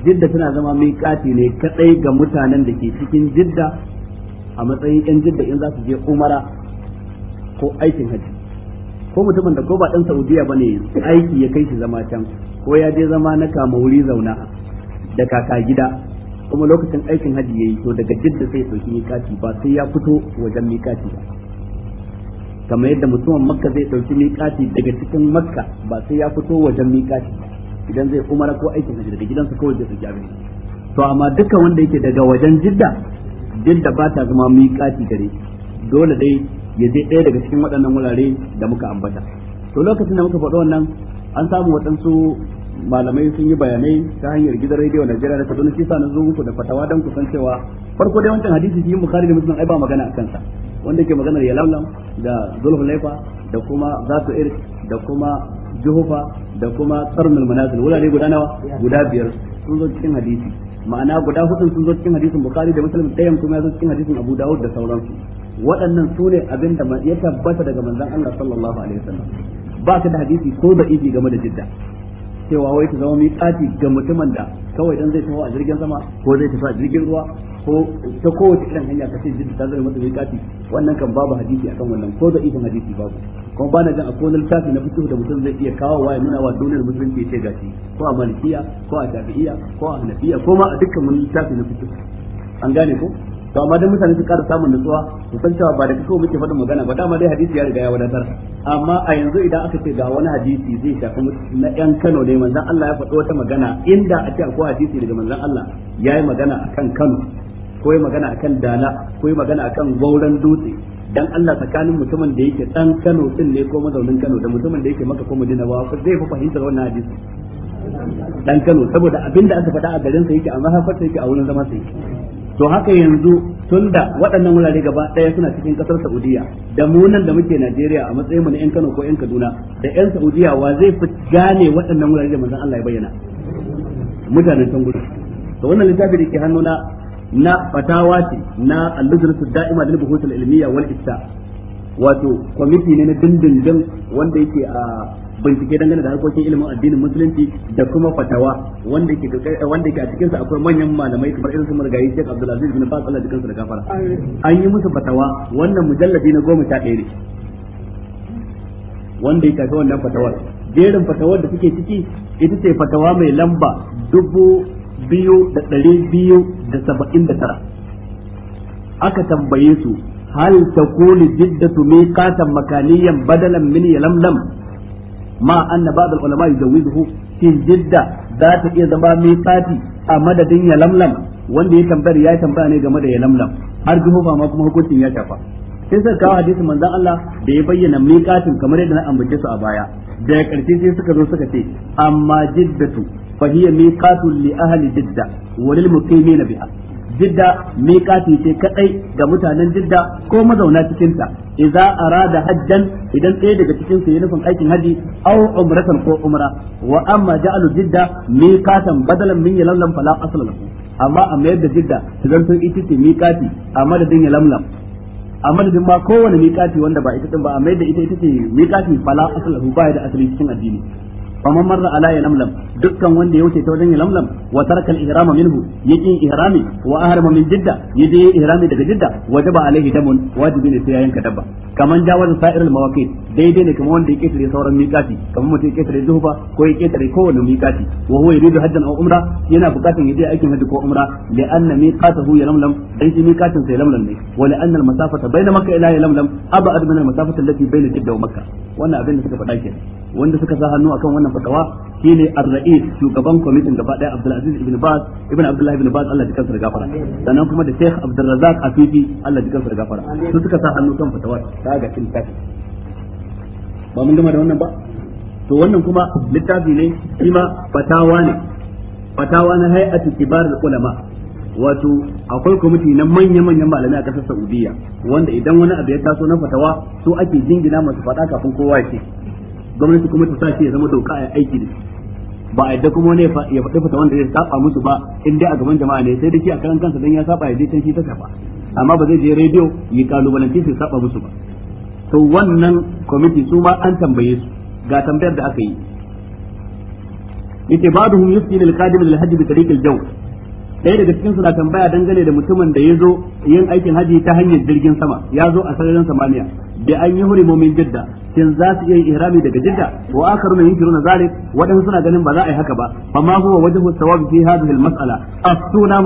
jidda tana zama miƙati ne kadai ga mutanen da ke cikin jidda a matsayin yan jidda in za su je umara ko aikin haji ko mutumin da ko ba dan saudiya bane aiki ya kai shi zama can ko ya je zama na kama wuri zauna da kaka gida kuma lokacin aikin ya yi to daga jidda sai ya dauki miƙati ba sai ya fito wajen miƙati ba kamar yadda mutumin makka zai dauki miƙati daga cikin makka ba sai ya fito wajen miƙati idan zai umara ko aikin hajji daga gidansa kawai zai dauki abin to amma dukkan wanda yake daga wajen jidda jidda ba ta zama miƙati gare dole dai ya je ɗaya daga cikin waɗannan wurare da muka ambata to lokacin da muka faɗo wannan an samu waɗansu malamai sun yi bayanai ta hanyar gidan rediyo Najeriya da Kaduna shi sa na zo da fatawa don ku san cewa farko dai wancan hadisi shi Bukhari da Muslim ai ba magana a kansa wanda ke maganar yalamlam da zulhulaifa da kuma zatu irk da kuma juhufa da kuma tsarnul manazil wurare guda nawa guda biyar sun zo cikin hadisi ma'ana guda hudun sun zo cikin hadisin bukhari da muslim dayan kuma ya zo cikin hadisin abu dawud da sauransu waɗannan su ne abin da ya tabbata daga manzon Allah sallallahu alaihi wasallam ba ka da hadisi ko da ibi game da jidda cewa wai ta zama miƙati ga mutumin da kawai dan zai tafi a jirgin sama ko zai tafi a jirgin ruwa ko ta kowace irin hanya ka ce jirgin ta zama mai miƙati wannan kan babu hadisi akan wannan ko da ifin hadisi babu kuma na jin akwai wani littafi na fito da mutum zai iya kawo wa ya nuna wa duniyar musulunci ya ce gashi ko a malikiya ko a shafi'iya ko a hanafiya ko ma a dukkan wani littafi na fito an gane ko to amma dan mutane su ƙara samun nutsuwa su san cewa ba da kake muke faɗin magana ba dama dai hadisi ya riga ya wadatar amma a yanzu idan aka ce ga wani hadisi zai shafi na yan Kano ne manzon Allah ya faɗo wata magana inda a ce akwai hadisi daga manzon Allah yayi magana akan Kano ko yayi magana akan dala ko yayi magana akan gauran dutse dan Allah tsakanin mutumin da yake dan Kano din ne ko mazaunin Kano da mutumin da yake maka ko Madina ba zai fi fahimtar wannan hadisi dan Kano saboda abinda aka faɗa a garin sa yake a fata yake a wurin zama sa yake to haka yanzu tun da waɗannan wurare gaba ɗaya suna cikin ƙasar Saudiya da mu nan da muke Najeriya a matsayin mu na yan Kano ko ƴan Kaduna da yan Saudiya wa zai fi gane waɗannan wurare da manzon Allah ya bayyana mutanen can gudu to wannan littafi da ke hannuna na fatawa ce na al su da'ima da buhuth al-ilmiya wal wato kwamiti ne na dindindin wanda yake a bincike dangane da harkokin ilimin addinin musulunci da kuma fatawa wanda yake eh, wanda yake a cikin sa akwai manyan malamai kamar irin su margayi Sheikh Abdul bin Baz Allah jikansa da gafara an yi musu fatawa wannan mujallabi na 11 ne wanda yake ga wannan fatawar jerin fatawar da suke ciki ita ce fatawa mai lamba dubu biyu da ɗari biyu da saba'in da tara aka tambaye su hal takunu jiddatu miqatan makaniyan badalan min yalamlam ma anna ba'd al-ulama yujawizuhu shin jidda za ta iya zama miqati a madadin yalamlam wanda ya tambayar ya tambaya ne game da yalamlam har juhufa kuma hukuncin ya shafa sai suka kawo hadisin manzon Allah da ya bayyana miqatin kamar yadda na ambace su a baya daga karshe sai suka zo suka ce amma jiddatu fa hiya miqatul li ahli jidda wa lil muqimina biha jidda miƙati ce kadai ga mutanen jidda ko mazauna cikin ta idza arada hajjan idan ɗaya daga cikin su yi nufin aikin haji aw umratan ko umra wa amma ja'alu jidda miqatan badalan min yalamlam fala asla lahu amma a mayar da jidda idan sun ita ce miƙati a madadin yalamlam a madadin ma kowane miƙati wanda ba ita din ba a mayar da ita ita ce miƙati fala asla lahu ba da asali cikin addini faman marra ala ya lamlam dukkan wanda ya wuce ta wajen ya lamlam wa taraka al-ihrama minhu yaki ihrami wa ahrama min jidda yaje ihrami daga jidda wajaba alaihi damun wajibi ne sai ya yanka dabba kaman jawaza sa'ir al-mawaqit daidai ne kamar wanda ya ketare sauran miqati kaman mutum ya ketare zuhufa ko ya ketare kowane miqati wa huwa yuridu hajjan aw umra yana bukatan yaje aikin hajji ko umra li anna miqatahu ya lamlam dan shi miqatin sai lamlam ne wa li anna al-masafata bayna makka ila ya lamlam ab'ad min al-masafata allati bayna jidda wa makka wannan abin da suka faɗa kenan wanda suka sa hannu akan wannan wannan fatawa shine ar-ra'is shugaban kwamitin gaba daya Abdul ibn Baz ibn Abdullah ibn Baz Allah jikansa da gafara sannan kuma da Sheikh Abdul Afifi Allah jikansa da gafara su suka sa hannu kan fatawa ta ga cin tafi ba mun gama da wannan ba to wannan kuma littafi ne shi ma fatawa ne fatawa na hay'atu kibar ulama wato akwai kwamiti na manya-manyan malami a kasar Saudiya wanda idan wani abu ya taso na fatawa su ake jingina masu fada kafin kowa ya ce gwamnati kuma ta sa shi ya zama doka a aiki da shi ba a yadda kuma wani ya faɗi fata wanda zai saba musu ba in dai a gaban jama'a ne sai da shi a karan kansa dan ya saba ya je can shi ta saba amma ba zai je rediyo yi kalubalanci su saba musu ba to wannan kwamiti su ma an tambaye su ga tambayar da aka yi yace ba'dhum yufti lil qadim lil hajj bi tariq ɗaya daga cikin suna tambaya dangane da mutumin da ya zo yin aikin haji ta hanyar jirgin sama ya zo a sararin samaniya da an yi hurimo min jidda shin za su iya yin ihrami daga jidda wa akharuna yunkiruna zalik wadansu suna ganin ba za a yi haka ba fa ma huwa wajhu sawabi fi hadhihi al-mas'ala a suna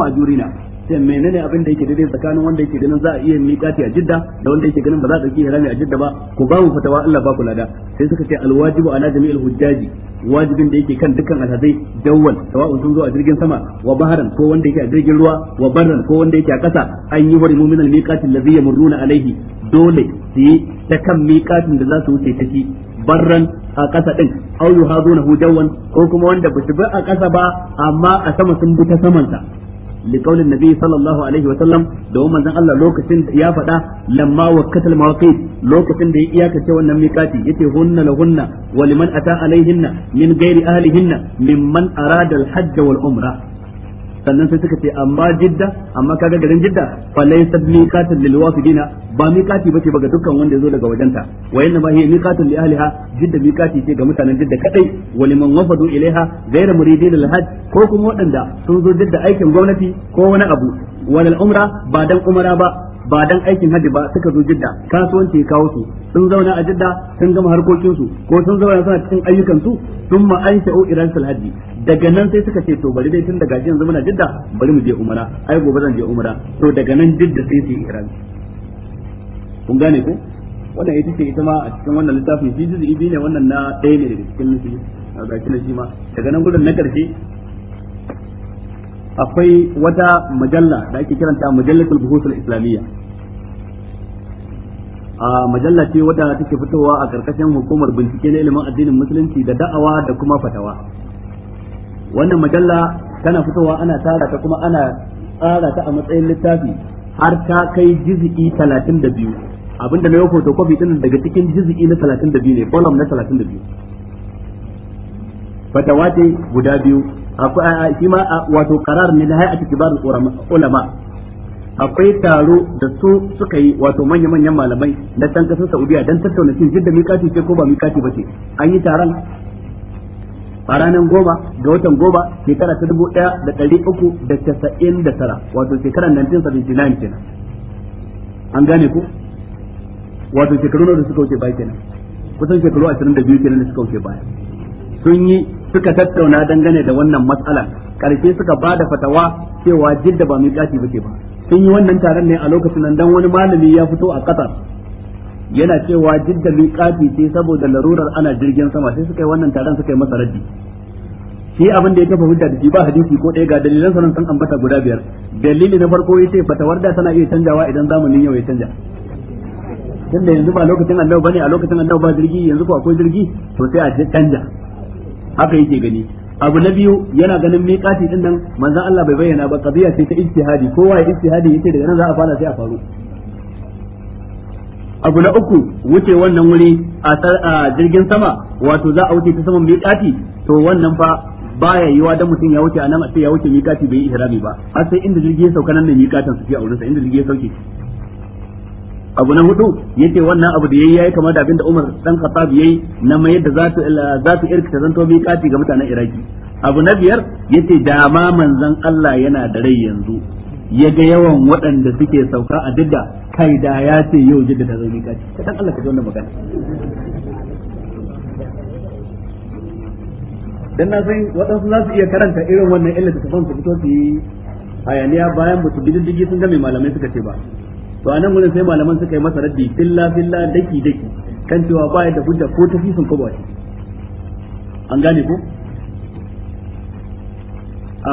ce menene abin da yake daidai tsakanin wanda yake ganin za a iya miƙati a jidda da wanda yake ganin ba za a ɗauki harami a jidda ba ku ba mu fatawa Allah ba ku lada sai suka ce alwajibu ala jami'il hujjaji wajibin da yake kan dukkan alhazai dawwal sawa'un sun zo a jirgin sama wa baharan ko wanda yake a jirgin ruwa wa barran ko wanda yake a ƙasa an yi hurimu min almiqati allazi yamurruna alaihi dole su yi ta kan miƙatin da za su wuce ta barran a ƙasa ɗin au na hujjawan ko kuma wanda ba su bi a ƙasa ba amma a sama sun bi ta samansa لقول النبي صلى الله عليه وسلم دوما من الله لوكسين يا فدا لما وكت المواقيت لوكسين دي إياك سوى النميكاتي يتي هن لهن ولمن أتى عليهن من غير أهلهن ممن أراد الحج والعمرة sannan sai suka ce amma jidda amma kaga garin jidda fa laysa miqatan lil wafidina ba miqati bace ba ga dukkan wanda yazo daga wajenta wa inna ma hiya miqatan li ahliha jidda miqati ce ga mutanen jidda kadai wa liman wafadu ilaiha ghayra muridin al hajj ko kuma waɗanda sun zo jidda aikin gwamnati ko wani abu wal umra ba dan umara ba ba dan aikin haji ba suka zo jidda kasuwanci ya kawo su sun zauna a jidda sun gama harkokinsu ko sun zauna suna cikin ayyukansu sun ma an sha'u irasul daga nan sai suka ce to bari dai tun daga zama muna jidda bari mu je umara ai gobe zan je umara to daga nan jidda sai su yi iran kun gane ko wannan ita ce ita ma a cikin wannan littafin shi ibi ne wannan na ɗaya ne daga cikin nufi a ga shi ma daga nan gudun na ƙarshe akwai wata mujalla da ake kiranta majallatul buhus islamiyya a majalla ce wadda take fitowa a karkashin hukumar bincike na ilimin addinin musulunci da da'awa da kuma fatawa wannan majalla tana fitowa ana tara ta kuma ana tsara ta a matsayin littafi har ta kai juz'i 32 abinda na yau photocopy din daga cikin juz'i na 32 ne column na 32 fatawa ce guda biyu akwai a wato karar ne da hay'atu kibar ulama akwai taro da su suka yi wato manya-manyan malamai na san kasar Saudiya dan tattauna shin jidda mikati ce ko ba mikati ba ce an yi taron a ranar goma ga watan goma shekara ta dubu ɗaya da ɗari uku da casa'in da tara wato shekara 1979 kenan an gane ku wato shekaru da suka wuce baya kenan kusan shekaru ashirin da biyu kenan da suka wuce baya sun yi suka tattauna dangane da wannan matsala karshe suka ba da fatawa cewa jidda ba miƙati bace ba sun yi wannan taron ne a lokacin nan dan wani malami ya fito a ƙasar. yana cewa jidda miƙati ce saboda larurar ana jirgin sama sai suka yi wannan taron suka yi masa raddi shi abin da ya tafi hujja da shi ba hadisi ko ɗaya ga dalilan sanan san ambata guda biyar dalili na farko yace fatawar da tana iya canjawa idan zamanin yau ya canja tunda yanzu ba lokacin annabi bane a lokacin annabi ba jirgi yanzu ko akwai jirgi to sai a canja haka yake gani abu na biyu yana ganin miƙati din nan manzon Allah bai bayyana ba qadiya ce ta ijtihadi kowa ya ijtihadi yace daga nan za a fara sai a faru abu na uku wuce wannan wuri a jirgin sama wato za a wuce ta saman miƙati to wannan fa baya yiwa da mutum ya wuce anan a ce ya wuce miƙati bai ihrami ba har sai inda jirgin sauka nan ne miƙatan su a wurinsa inda jirgin ya sauke abu na hudu yace wannan abu da yayi yayi kamar da abinda Umar dan Khattab yayi na mayar da zatu zatu irka ta zanto bi kati ga mutanen Iraki abu na biyar yace da ma manzon Allah yana da rai yanzu yaga yawan waɗanda suke sauka a didda kai da ya ce yau jidda da zai kati ka dan Allah ka ji wannan magana dan na san waɗansu za su iya karanta irin wannan illa ta su fito su yi hayaniya bayan ba su bi diddigi sun ga mai malamai suka ce ba to a nan sai malaman suka yi masa raddi filla filla daki daki kan cewa ba da hujja ko ta fisin ko ba an gane ko a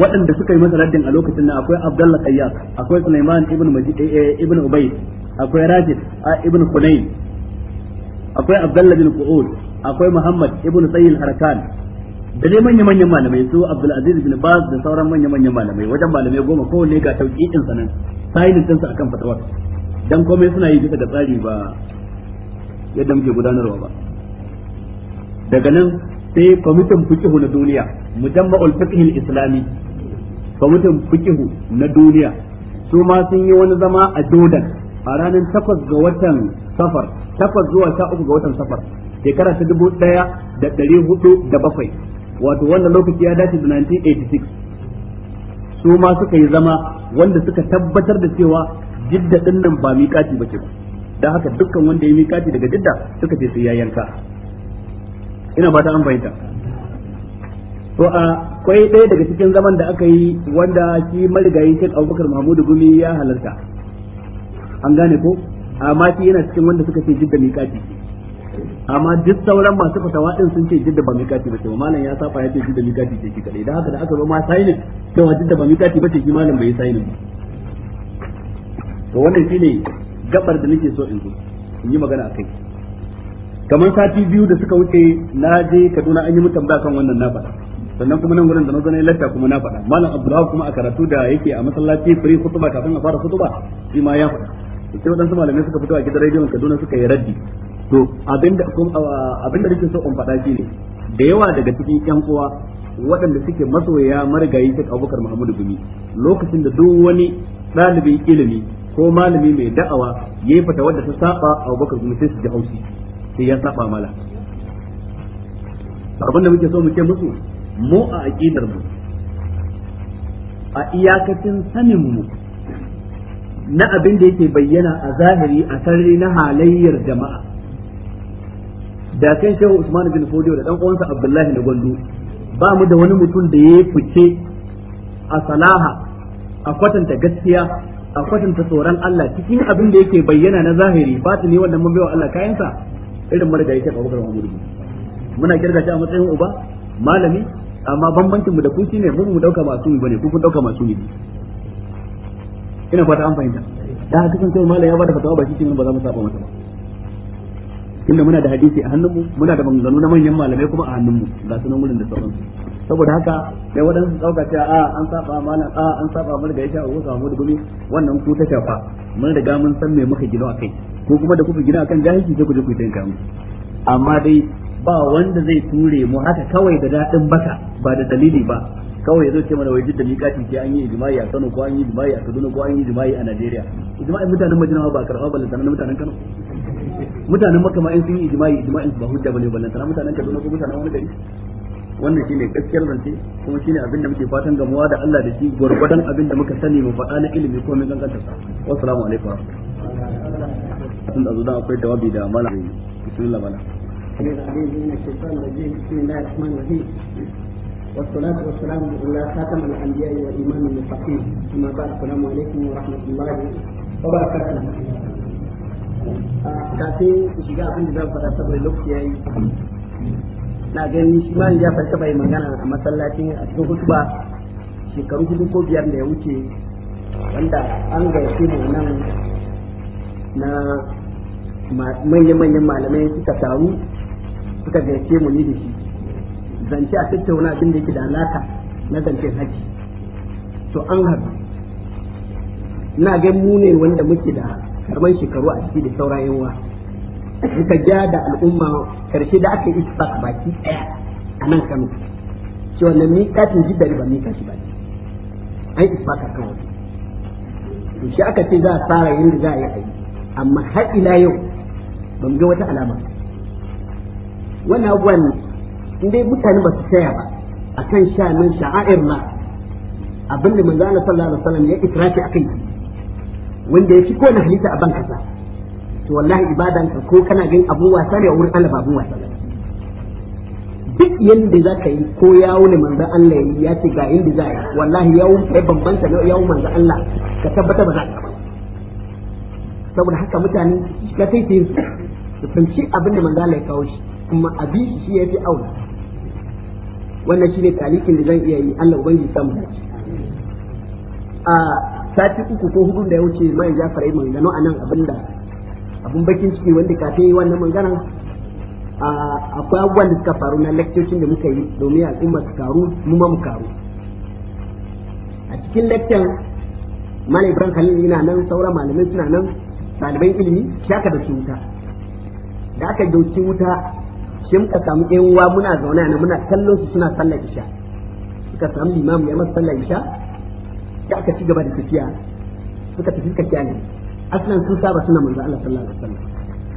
waɗanda suka yi masa raddin a lokacin nan akwai Abdullah Qayyas akwai Sulaiman ibn Majid eh, eh, ibn Ubay akwai Rajid ibn Hunayn akwai Abdullah bin Qu'ud akwai Muhammad ibn Sayyid Harkan da dai manya manyan malamai su Abdul Aziz bin Baz da sauran manya manyan malamai wajen malamai goma ko ne ga tauqiqin sanan sayin din sa akan fatawa dan komai suna yi bisa da tsari ba yadda muke gudanarwa ba daga nan sai kwamitin fikihu na duniya mujamma'ul fiqh islami kwamitin fikihu na duniya su ma sun yi wani zama a Jordan a ranar 8 ga watan safar 8 zuwa sha uku ga watan safar shekara ta dubu ɗaya da ɗari hudu da bakwai wato wannan lokaci ya dace da 1986 su ma suka yi zama wanda suka tabbatar da cewa jidda din nan ba miƙati bace ba dan haka dukkan wanda ya miƙaci daga jidda suka ce sai ya yanka ina ba ta an bayyana to a kwai ɗaya daga cikin zaman da aka yi wanda shi marigayi Sheikh Abubakar Mahmudu Gumi ya halarta an gane ko amma shi yana cikin wanda suka ce jidda ce amma duk sauran masu fatawa din sun ce jidda ba mikati bace ba malam ya saba ya ce jidda mikati ce ki kadai dan haka da aka zo ma sainin cewa jidda ba mikati ce ki malam bai sainin ba to wannan shine gabar da nake so in zo in yi magana akai kamar sati biyu da suka wuce na je Kaduna an yi mutum ba kan wannan na faɗa sannan kuma nan gurin da na zo ne kuma na faɗa malam Abdullahi kuma a karatu da yake a masallaci free khutba kafin a fara khutba shi ma ya faɗa sai waɗansu malamai suka fito a gidan rediyon Kaduna suka yi raddi to abinda abinda nake so in faɗa shi ne da yawa daga cikin yan uwa waɗanda suke masoya marigayi ta Abubakar Muhammadu Gumi lokacin da duk wani ɗalibin ilimi ko malami mai da'awa yayi fata wanda ta saba Abubakar Gumi sai su ji haushi sai ya saba mala abin da muke so muke musu mu a aqidar mu a iyakacin sanin mu na abin da yake bayyana a zahiri a sarri na halayyar jama'a da kan shehu usman bin fodiyo da dan uwansa abdullahi da gwandu ba mu da wani mutum da ya fice a salaha a kwatanta gaskiya a kwatanta tsoron Allah cikin abin da yake bayyana na zahiri ba batini wannan mun baiwa Allah kayansa irin yake ba bukar Mahmud muna kirga shi a matsayin uba malami amma bambancin mu da ku shine mun mu dauka masu bane ku kun dauka masu ne ina fata an fahimta da haka sun sai malami ya bada fatawa ba shi ne ba za mu saba mata ba inda muna da hadisi a hannunmu muna da bangano na manyan malamai kuma a hannunmu ga sunan wurin da sauran saboda haka sai waɗansu ɗauka cewa a an saba mana a an saba mana ga yasha Abu Samu da gumi wannan ku ta shafa mun riga mun san me muka gina akai ko kuma da kuka gina akan jahilci sai ku je ku tanka mu amma dai ba wanda zai ture mu haka kawai da daɗin baka ba da dalili ba kawai ya zo ce mana wai duk da kati ce an yi ijma'i a Kano ko an yi ijma'i a Kaduna ko an yi ijma'i a Najeriya ijma'in mutanen Madina ba karfa ba mutanen Kano mutanen makama in sun yi ijma'i ijma'in ba hujja bane ballan sana mutanen Kaduna ko mutanen wani gari wannan shine gaskiyar zance kuma shine abin da muke fatan gamuwa da Allah da shi gurgurdan abinda da muka sani mu faɗa na ilimi ko mun kankanta sa assalamu alaikum sun da zuwa akwai jawabi da malam bismillah malam والصلاة والسلام على خاتم الأنبياء وإمام المتقين أما بعد السلام عليكم ورحمة الله وبركاته kafin ku shiga abin da zan faɗa saboda lokaci yayi na gani shi ma ya fara bai magana a masallacin a cikin hutuba shekaru hudu ko biyar da ya wuce wanda an gaice mu nan na manya-manyan malamai suka taru suka gaice mu ni da shi zance a tattauna abin da yake da alaka na zancen haji to an haɗu na gani mu ne wanda muke da kamar shekaru a ciki da saura yawa muka ja da al'umma karshe da aka yi isfak baki ɗaya a nan kano cewa na mikatin jidda ba shi ba an isfak kan wani to shi aka ce za a fara yin da za a yi aiki amma har ila yau ba mu ga wata alama wannan abubuwan indai mutane ba su tsaya ba a kan sha nan sha'air ma abinda manzo Allah sallallahu alaihi wasallam ya israfi akai wanda ya fi kowane halitta a ban kasa to wallahi ibadan ka ko kana gani abu wasa ne a wurin Allah babu wasa duk yanda za ka yi ko yawo ne manzo Allah yi ya ce ga inda za yi wallahi yawo kai bambanta ne yawo manzo Allah ka tabbata ba za ka ba saboda haka mutane ka sai sai su fanci abin da manzo Allah ya kawo shi kuma abin shi shi fi auna wannan shi ne talikin da zan iya yi Allah ubangiji samu a sati uku ko hudu da ya wuce mai jafar yi maganganu a nan abinda abun bakin ciki wanda kafin yi wannan maganan akwai abubuwan da suka faru na lekcocin da muka yi domin al'umma su karu mu ma mu karu a cikin lekcan malam ibrahim khalil yana nan sauran malamai suna nan ɗaliban ilimi shaka da su wuta da aka dauki wuta shi muka samu yan uwa muna zaune nan muna kallon su suna sallar isha suka samu limamu ya masa sallar isha da aka ci gaba da tafiya suka tafi suka kyale aslan sun saba suna manzo Allah sallallahu alaihi wasallam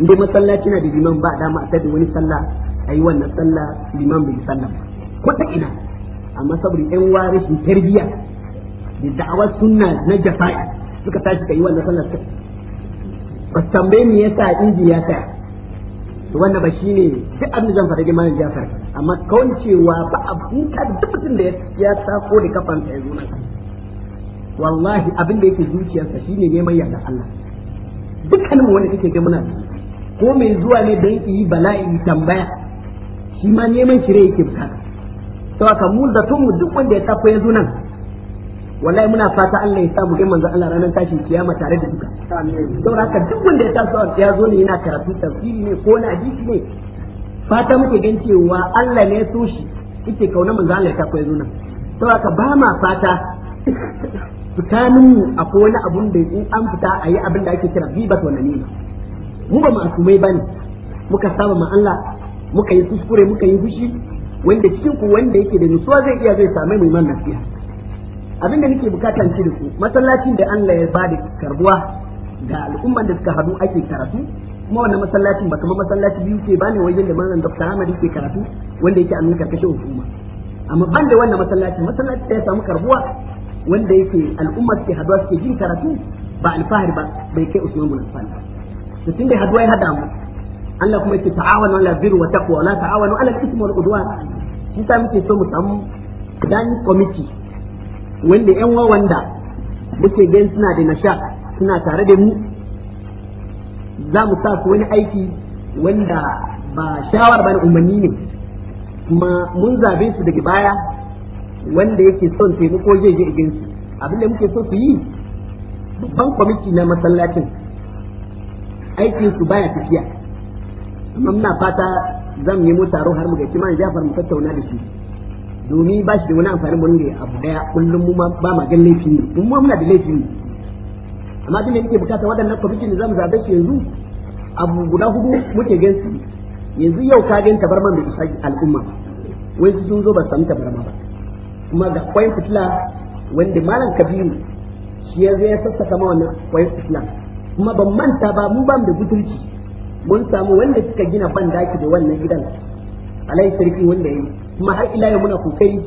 inda masallaci na da liman ba dama a tada wani sallah ayi wannan sallah liman bai sallah ko ta ina amma saboda ɗan warishin tarbiyya da da'awar sunna na jafa'i suka tashi kai wannan ta ba tambaye me yasa inji ya tsaya to wannan ba shine duk abin da zan fara ga malam Jafar amma kawancewa ba a buka duk da ya ko da kafanta ya zo nan wallahi abin da yake zuciyarsa shine neman yarda Allah dukkanin wanda kake ga muna ko mai zuwa ne don yi bala'i tambaya shi ma neman shire yake bukata to aka mu da mu duk wanda ya tafi yanzu nan wallahi muna fata Allah ya sa mu ga manzon Allah ranar tashi kiyama tare da duka saboda haka duk wanda ya taso ya zo ne yana karatu tafsiri ne ko na hadisi ne fata muke gan cewa Allah ne ya so shi yake kauna manzon Allah ya tafi yanzu nan saboda haka ba ma fata tsakanin mu akwai wani abun da in an fita a yi abin da ake kira ribat wa namima mu ba ma'asumai ne muka saba ma Allah muka yi kuskure muka yi fushi wanda cikin ku wanda yake da nutsuwa zai iya zai same mu man nasiha abin da nake bukatan ki da ku masallacin da Allah ya bada karbuwa ga al'umman da suka hadu ake karatu kuma wannan masallacin ba kamar masallaci biyu ke bane wajen da manzon Dr. Ahmad yake karatu wanda yake annuka kashe hukuma amma ban da wannan masallaci masallaci ya samu karbuwa wanda yake al'ummar ke haduwa suke jin karatu ba alfahari ba bai kai usman bin affan to tun da haduwa ya hada mu Allah kuma yake ta'awanu ala birri wa taqwa la ta'awanu ala al-ithmi wal udwan shi ta muke so mu samu dan committee wanda yan wanda muke gani suna da nasha suna tare da mu za mu sa su wani aiki wanda ba shawar ba umarni ne kuma mun zabe su daga baya wanda yake son taimako zai je igin su abin da muke so su yi babban kwamiti na masallacin aikin su baya tafiya amma muna fata zan nemo taro har mu gaci man Jafar mu tattauna da shi domin ba shi da wani amfani mun da abu daya kullum mu ba ma gan laifi ne mun ma muna da laifi ne amma abin da muke bukata waɗannan kwamiti ne zamu zabe yanzu abu guda hudu muke gan su yanzu yau ka gan tabarman da isa al'umma wai sun zo ba samu tabarma ba kuma ga kwayin fitila wanda malam kabiru shi ya zai sassaka ma wannan kwayin fitila kuma ban manta ba mu ba mu da butulci mun samu wanda suka gina ban daki da wannan gidan alai sarki wanda yayi kuma har ila yau muna kokari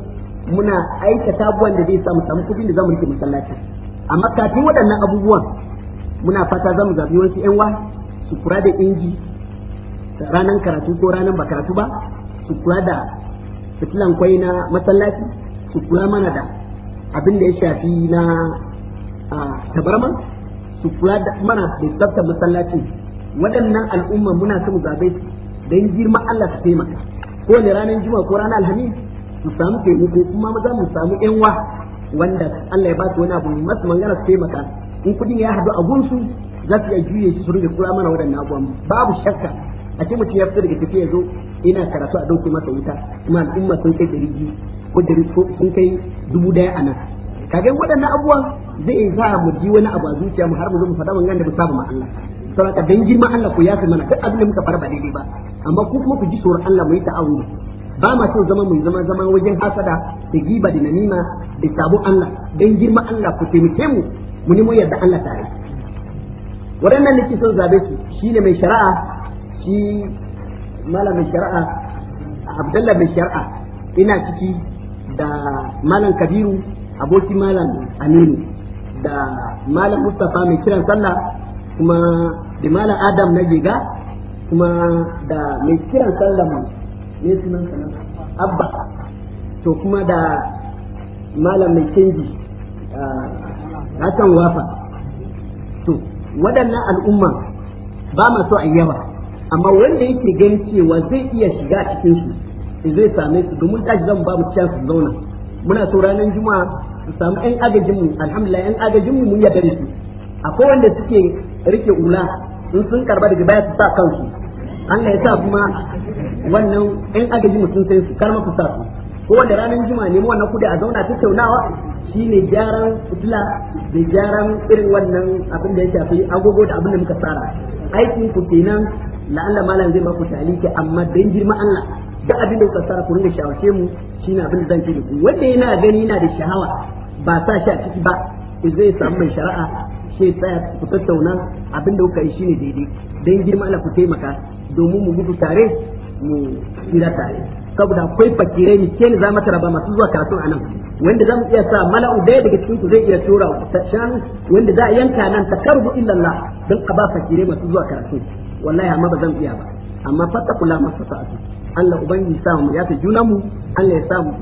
muna aikata abubuwan da zai samu samu kudin da zamu rike masallaci amma kafin waɗannan abubuwan muna fata zamu zabi wasu yan wa su kura da inji ranan karatu ko ranan ba karatu ba su kura da fitilan kwai na masallaci su kula mana da abin da ya shafi na tabarman su kula da mana da tsafta masallaci waɗannan al'umma muna son zabe don girma Allah su taimaka ko ne ranar juma ko ranar alhamis su samu taimako kuma maza mu samu yanwa wanda Allah ya ba su wani abu masu mangana su taimaka in kudin ya haɗu a gunsu za su iya juye su rufe kula mana waɗannan abubuwan babu shakka a ce mutum ya fita daga tafiya zo ina karatu a ɗauke masa wuta kuma al'umma sun kai da rigi. kudiri kun kai dubu daya a nan kaga waɗannan abubuwan zai sa mu ji wani abu a zuciya mu har mu zo mu faɗa wannan da mu saba ma Allah saboda dan girman Allah ku yafi mana duk abin da muka fara ba daidai ba amma ku kuma ku ji tsoron Allah mu yi ta'awudi ba ma so zama mu zama zama wajen hasada da giba da nanima da sabon Allah dan girma Allah ku taimake mu mu nemo yarda Allah tare waɗannan nake son zabe su shine mai shari'a shi malamin shari'a Abdullah mai shari'a ina ciki da malam kabiru Aboki malam aminu da malam mustapha mai kiran sallah kuma da malam adam na giga kuma da mai kiran sallah mu ne sunan abba to kuma da malam mai canji ah, hasan wafa to waɗannan al'umma ba masu so a yawa amma wanda yake gani cewa zai iya shiga cikinsu zai same su domin tashi zan ba mu cansu su zauna muna so ranar juma'a su samu yan agajinmu alhamdulillah yan agajinmu mun yarda da su akwai wanda suke rike ula in sun karba daga baya su sa kansu Allah ya sa kuma wannan yan agajin mu sun sai su karma su sa su ko wanda ranar juma'a ne mu wannan kudi a zauna tattaunawa shine gyaran fitila da gyaran irin wannan abin da ya shafi agogo da abin da muka tsara aikin ku kenan la'alla malam zai ba ku taliki amma dan girma Allah da abin da kuka tsara ku ringa shawarce mu shine abin da zan ce ku wanda yana gani yana da shahawa ba sa shi a ciki ba zai samu mai shari'a shi tsaya ku tattauna abin da kuka yi shine daidai dan girma Allah ku taimaka domin mu gudu tare mu tsira tare saboda akwai fakire ne ke za mata raba masu zuwa a nan wanda za mu iya sa mala'u daya daga cikin ku zai iya tura shanu wanda za a yanka nan ta karbu illallah don a ba fakire masu zuwa karatu wallahi amma ba zan iya ba amma fatakula masu sa'atu Allah ubangiji sa mu ta juna mu Allah ya sa mu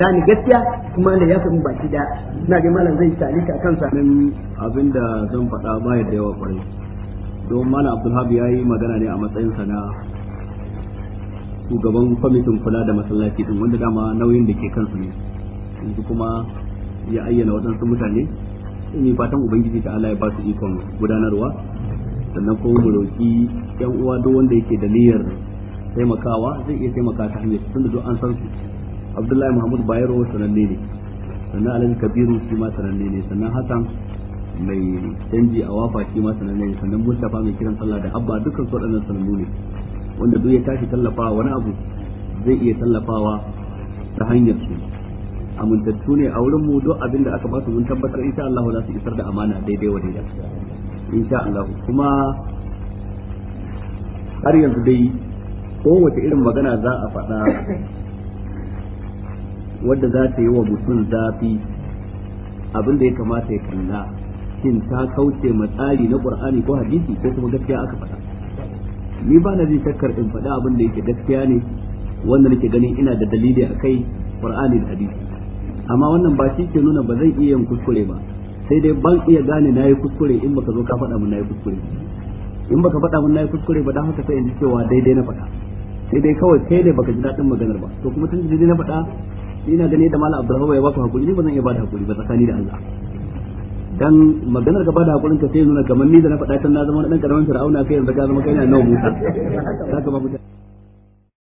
gane gaskiya kuma Allah ya yafi mu baki da ina ga malam zai talika kansa nan abinda zan faɗa ba da yawa kwarai don malam Abdulhabi yayi magana ne a matsayin sa na shugaban kwamitin kula da masallaci din wanda dama nauyin da ke kansu ne yanzu kuma ya ayyana waɗansu mutane ni fatan ubangiji ta Allah ya ba su ikon gudanarwa sannan kuma mu roki yan uwa duk wanda yake da niyyar taimakawa zai iya taimaka ta hanyar tun da an san su Abdullahi Muhammadu Bayero sananne ne sannan Alhaji Kabiru shi ma sananne ne sannan Hassan mai canji a wafa shi ma sananne ne sannan Mustafa mai kiran sallah da Abba dukkan su waɗannan sanannu ne wanda duk ya tashi tallafawa wani abu zai iya tallafawa ta hanyar su amintattu ne a wurin mu duk abin da aka ba su mun tabbatar insha Allah za su isar da amana daidai wa daidai insha Allah kuma har yanzu dai kowace irin magana za a faɗa wadda za ta yi wa mutum zafi abin da ya kamata ya kalla shin ta kauce matsari na ƙur'ani ko hadisi ko kuma gaskiya aka faɗa ni ba na zai shakkar in faɗa abin da yake gaskiya ne wanda nake ganin ina da dalili a kai qur'ani da hadisi amma wannan ba shi ke nuna ba zan iya yin kuskure ba sai dai ban iya gane na yi kuskure in baka zo ka faɗa mun na yi kuskure in baka faɗa mun nayi kuskure ba dan haka sai in ji cewa daidai na faɗa sai dai kawai kai ne baka ji daɗin maganar ba to kuma tun daidai na faɗa ina gani da mallam Abdulrahman ya baka hakuri ne ba zan iya bada hakuri ba tsakani da Allah dan maganar ka bada hakurin ka sai nuna kamar ni da na faɗa tun na zama dan karamin fir'auna kai yanzu ka zama kai ne annabi Musa haka ba mutane